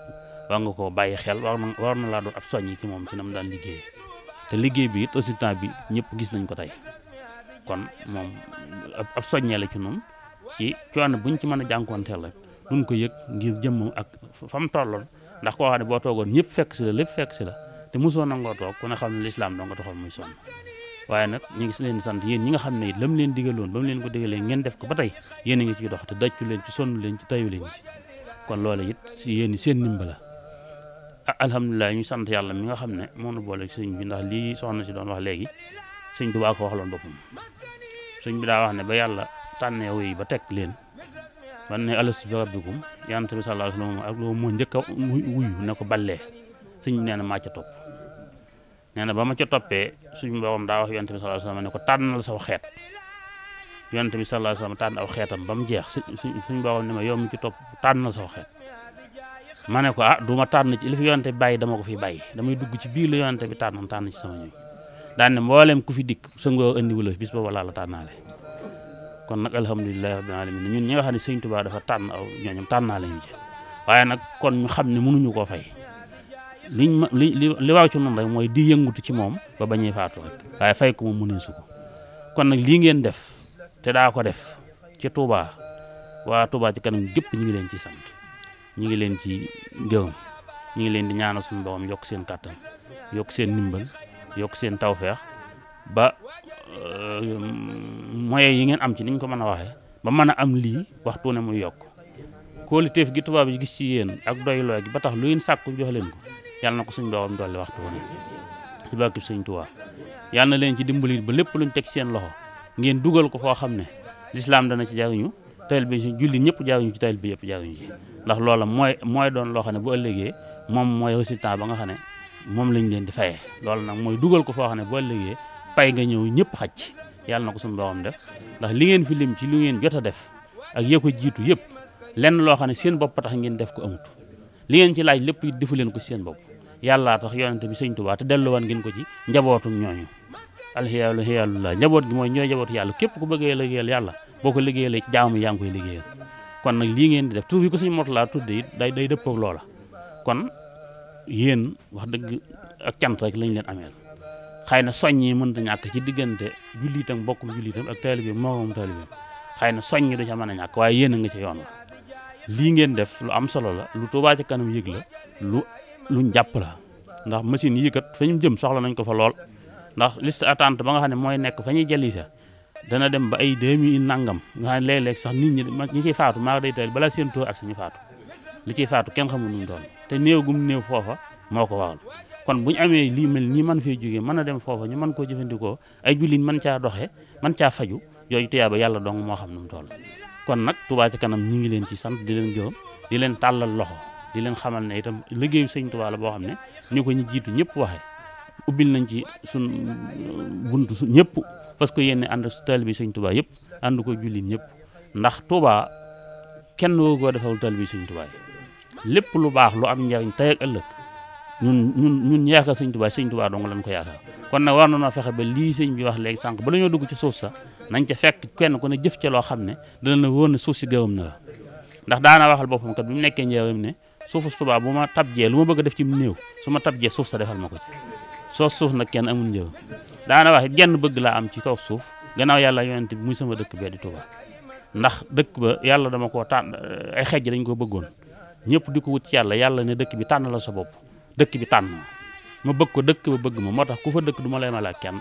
war nga bàyyi xel war na laa ab soññi ci moom ci nam daan liggéey te liggéey bi it aussi bi ñëpp gis nañ ko tey kon moom ab soññee la ci noonu ci coono buñ ci mën a jànkuwanteel rek duñ ko yëg ngir jëmm ak fa mu tolloon ndax ko xam ne boo toogoon ñëpp fekk si la lépp fekk si la te mosoo nangoo toog ku ne xam ne lislaam doo nga taxoon muy sonn waaye nag ñu ngi leen di sant yéen ñi nga xam ne it lam leen digaloon ba mu leen ko digalee ngeen def ko ba tey yéen a ngi ciy dox te daccu leen ci sonn leen ci tayu leen ci kon loolu it yéen seen ndimbala ah alhamdulilah ñu sant yàlla mi nga xam ne moo nu boole sëñ bi ndax lii soxna si doon wax léegi sëñ bi waa ko waxaloon boppam sëñ wax ne ba yàlla tànnee woy ba teg leen ban ne alastu bi rabbikum yonent bi sallallahu alayhi wa sallam ak loolu moo njëkk a wuyu ne ko ballee suñ nee na maa ca topp nee na ba ma ca toppee suñu borom daa wax yonent bi sallallahu alayhi wa ne ko tànnal saw xeet yonent bi sallallahu alayhi wa sallam aw xeetam ba mu jeex suñu borom ne ma yow mu ci topp tànnal saw xeet ma ne ah, du ma tànn ci li fi yonent bi bàyyi dama ko fi bàyyi damay dugg ci biir la bi tànn tànn sama ñoom daan ne mboolem ku fi dikk sëngoo indi wala bis boobu laa la tànnaale kon nag alhamdulilah rabbil alamin ñun ñi nga xam ne sëñ Tuubaa dafa tànn aw ñooñu tànn naa lañu ci waaye nag kon xam ne mënuñu koo fey liñ ma li li waaw ci noonu rek mooy di yëngutu ci moom ba bañuy faatu rek waaye fay ko moom mëneesu kon nag lii ngeen def te daa ko def ci tuubaa waa Touba ci kanam gépp ñu ngi leen ci sant ñu ngi leen ci gërëm ñu ngi leen di ñaanal suñu borom yokk seen kàttan yokk seen ndimbal yokk seen tawfeex Euh, moyens yi ngeen am ci niñ ko mën a waxee ba mën a am lii waxtu ne muy yokk kóoliteef gi tubaab yi gis ci yéen ak doyloo gi ba tax lu yéen sàkku jox leen ko yàlla na ko suñ boobam dolli waxtu wu ne si bàkkib sëñ Tuubaa yàlla na leen ci dimbali ba lépp luñ teg seen loxo ngeen dugal ko foo xam ne lislaam dana ci ñu tayal bi julli ñëpp jaaruñu ci tayal bi yëpp jaaruñu ci ndax loola mooy mooy doon loo xam ne bu ëllëgee moom mooy résultat ba nga xam ne moom lañ leen di fayee loolu nag mooy pay nga ñëw ñëpp xaj ci yàlla na ko suñu borom def ndax li ngeen fi lim ci lu ngeen jot a def ak yee ko jiitu yëpp lenn loo xam ne seen bopp tax ngeen def ko amut li ngeen ci laaj lépp it defu leen ko seen bopp yàlla yàllaa tax yonente bi sëñ Tuubaa te delluwaan ngeen ko ci njabootu ñooñu alxiyaalu xiyaalullaa njaboot gi mooy ñooy njabootu yàlla képp ku bëggee liggéeyal yàlla boo ko liggéeyalee ci jaamu yaa ngi koy kon nag lii ngeen di def tur bi ko sëñ Mourtalla tudde it day day dëppoog loola kon yéen wax dëgg ak cant rek lañ leen ameel xëy na soññi mënta ñàkk ci diggante jullitam bokkum jullitam ak taalibeem moomam taalibeem xëy na soññi du ca mën a ñàkk waaye yéen a nga ca yoon wa lii ngeen def lu am solo la lu Touba ca kanam yëg la lu luñ jàpp la ndax machine yii kat fa ñu jëm soxla nañ ko fa lool ndax liste attente ba nga xam ne mooy nekk fa ñuy jëli sa dana dem ba ay deux mille nangam nga xam ne léeg-léeg sax nit ñi ñi ciy faatu maa day taal balaa seen tóor ak suñu faatu li ciy faatu kenn xamul nu doon te néew néew foofa moo ko waral kon bu ñu amee lii mel nii man fee jógee mën a dem foofa ñu mën koo jëfandikoo ay jullit mën caa doxe man caa faju yooyu tuyaaba yàlla dong moo xam nu mu toll kon nag Touba ci kanam ñu ngi leen ci sant di leen gërëm di leen tàllal loxo di leen xamal ne itam liggéeyu sëñ Touba la boo xam ne ni ko ñu jiitu ñëpp waxee ubbil nañ ci suñ buntu ñëpp parce que yéen ànd ak taalibe sëñ Touba yëpp ànd ko ñëpp ndax Touba kenn woo koo defal taalibe sëñ Touba lépp lu baax lu am njariñ tey ëllëg ñun ñun ñun yaakaar sëñ Tuubaa sëñ Tuubaa dong lañ ko yaakaar kon nag war na noo fexe ba lii sëñ bi wax léegi sànq ba la ñoo dugg ci suuf sa nañ ca fekk kenn ku ne jëf ca loo xam ne dana la wóor ne suuf si gawam na ndax daana waxal boppam kat bi mu nekkee njëwam ne suufu Tuubaa bu ma tabjee lu ma bëgg def ci néew su ma tabjee suuf sa defal ma ko soo suuf nag kenn amul njëwam daana wax genn bëgg laa am ci kaw suuf gannaaw yàlla yonent bi muy sama dëkk bee di Tuubaa ndax dëkk ba yàlla dama ko tànn ay xejj dañ ko bëggoon ñëpp di ko wut ci yàlla yàlla ne dëkk bi tànn la sa bopp dëkk bi tànn ma bëgg ko dëkk ba bëgg ma moo tax ku fa dëkk duma lay ma laaj kenn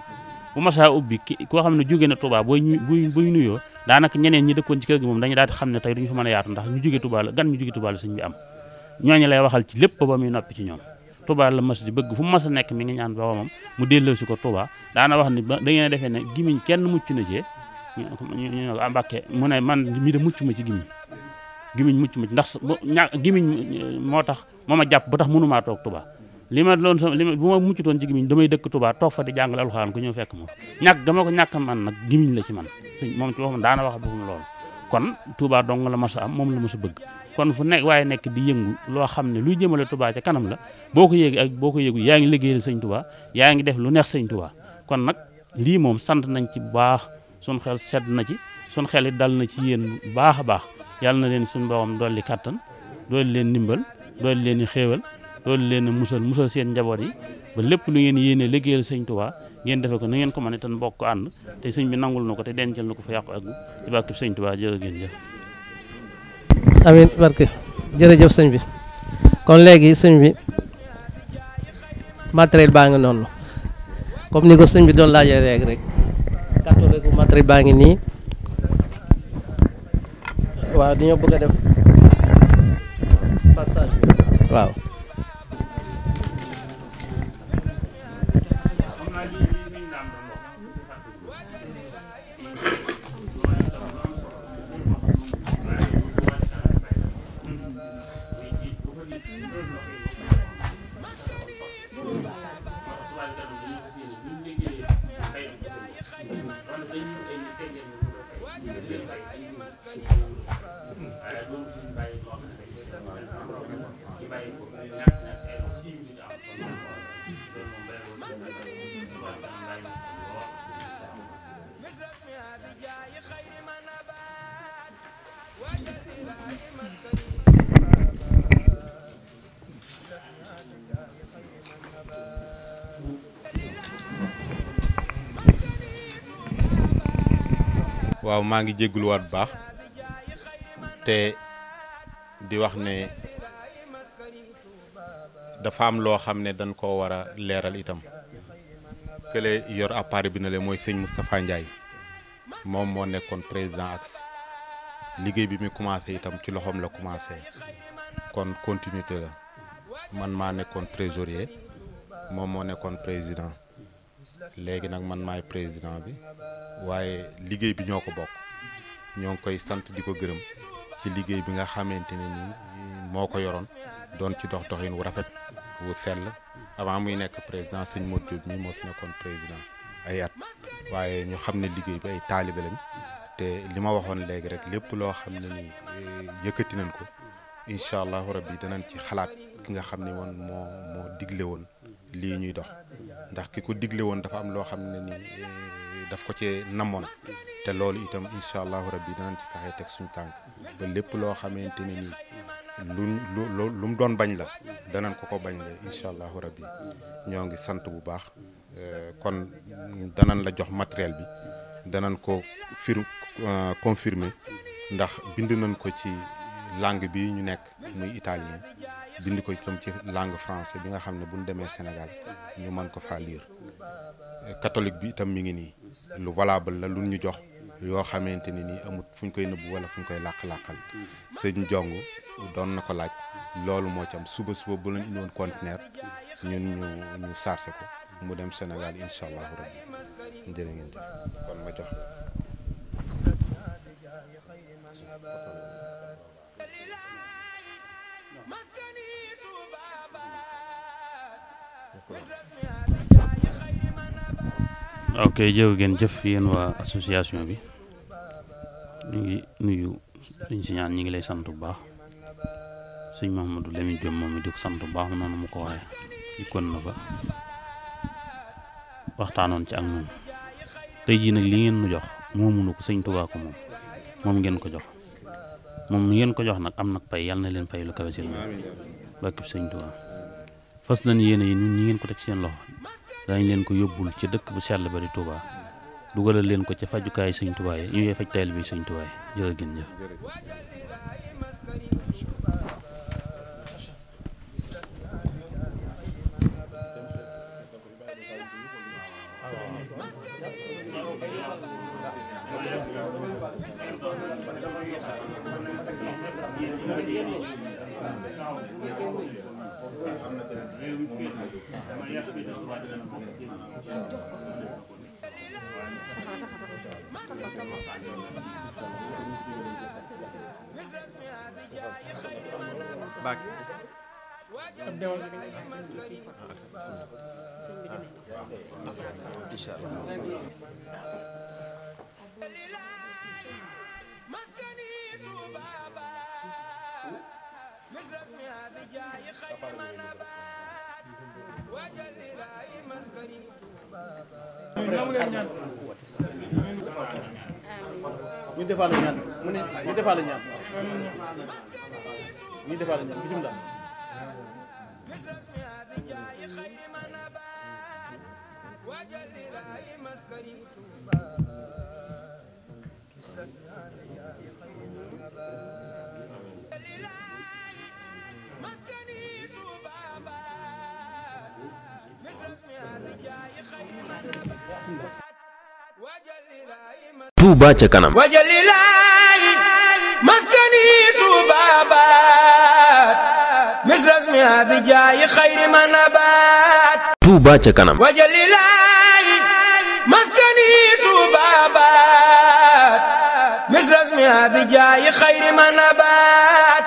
bu ma saa ubbi ki koo xam ne jóge na Touba booy ñu bu buy nuyoo daanaka ñeneen ñi dëkkoon ci kër gi moom dañu daal di xam ne tey duñu fa mën a yaatu ndax ñu jóge Touba la gan ñu jóge Touba la sëñ bi am ñooñu lay waxal ci lépp ba muy noppi ci ñoom Touba la mas di bëgg fu mu mas a nekk mi ngi ñaan boromam mu delloo si ko Touba daana wax ne ba da ngeen defee ne gimiñ kenn mucc na ci ñu ne ko ah, Mbàkke mu ne man de mucc ma ci gimiñ gimiñ mucc mucc ndax ña gimiñ moo tax moo ma jàpp bu tax mënumaa toog tubaa li ma doon sa li ma bu ma muccutoon ci gimiñ damay dëkk tubaa toog fa di jàngale alxuraan ku ñëw fekk moom ñàkk dama ko ñàkk man nag gimiñ la ci man suñ moom ci boppam daana wax boppam loolu kon tubaa dong la ma sa am moom la mas sa bëgg kon fu nekk waaye nekk di yëngu loo xam ne luy jëmale tubaa ci kanam la boo ko yéegi ak boo ko yéegu yaa ngi liggéeyal sëñ Touba yaa ngi def lu neex sëñ Touba kon nag lii moom sant nañ ci bu baax sun xel sedd na ci sun xel it na ci yéen bu baax a baax yàlla na leen suñu borom dolli kàttan dolli leen ndimbal dolli leen i xéewal dolli leen musal musal seen njaboot yi ba lépp lu ngeen yéene liggéeyal sëñ Tuubaa ngeen defe ko na ngeen ko mën tan bokk ko te sëñ bi nangul na ko te dencal na ko fa yàqu ak ci bàkki sëñ Tuubaa jërë sëñ bi kon léegi sëñ bi matériel baa ngi noonu comme ni ko sëñ bi doon laaja rek rek kàttu rek matériel baa ngi nii waaw dañoo bëgg a def bi waaw waaw maa ngi jégguluwaat baax te di wax ne dafa am loo xam ne dañ ko war a leeral itam kële yor appareil bi na le mooy sëñ Moustapha Ndiaye moom moo nekkoon président ACS liggéey bi mu commencé itam ci loxoom la commencé kon continuité la man maa nekkoon trésorier moom moo nekkoon président léegi nag man maay président bi waaye liggéey bi ñoo ko bokk ñoo ngi koy sant di ko gërëm ci liggéey bi nga xamante ne nii moo ko yoroon doon ci dox doxin wu rafet wu sell avant muy nekk président sëñ mot Diop mii moo fi nekkoon président ay at waaye ñu xam ne liggéey bi ay taalibe lañ te li ma waxoon léegi rek lépp loo xam ne ni eh, yëkkati nañ ko incha allahu rabbi nañ ci xalaat ki nga xam ne woon moo moo digle woon lii ñuy dox ndax ki ko digle woon dafa am loo xam ne nii eh, daf ko cee namoon te loolu itam incha allahu rabbi danañ ci teg suñu tànk lépp loo xamante ne nii lu lu doon bañ la danañ ko ko bañ la incha allahu rabbi ñoo ngi sant bu baax eh, kon danañ la jox matériel bi danan ko fir eh, confirmer ndax bind nañ ko ci langue bi ñu nekk muy italien bind ko tam ci langue français bi nga xam ne bu ñu demee Sénégal ñu man ko faa lire catholique bi itam mi ngi nii lu valable la lu ñu jox yoo xamante ni nii amut fu ñu koy nëbbu wala fu ñu koy làq-làqal sëñ jong doon na ko laaj loolu moo ci suba suba bu lañ indiwoon conteneur ñun ñu ñu sarse ko mu dem Sénégal incha allahu rabbi jërë ngeen jox ok jëw ngeen jëf yéen waa association bi ñu ngi nuyu suñ si ñi ngi lay sant bu baax suñ Mahamadou Lamine Diop moom di ko sant bu baax mu ko waxee dikkoon na fa ci ak moom tey jii nag li ngeen nu jox moomunu ko sëñ Tuubaa moom moom ngeen ko jox moom ngeen ko jox nag am nag pay yàlla na leen pay lu kawe seen moom barkib sëñ Tuubaa fas nañ yéene yi ñun ñi ngeen ko teg ci seen loxo daañu leen ko yóbbul ca dëkk bu sell ba di Touba dugalal leen ko ca fajukaay Sëñ Touba yi ñu faj taalibe Sëñ Touba yi jërë ngeen jëf baak Thank you. ñu defaale ñaan mu ne ñu defaale ñaan ñu defaale ñaan bisimilah وجل رأي مسكري Touba ca kanam wajalilaahi maskani Touba baat misras mi abijaayi xayri ma nabaat Touba ca kanam wajalilaahi maskani Touba baat misras mi abijaayi xayri ma nabaat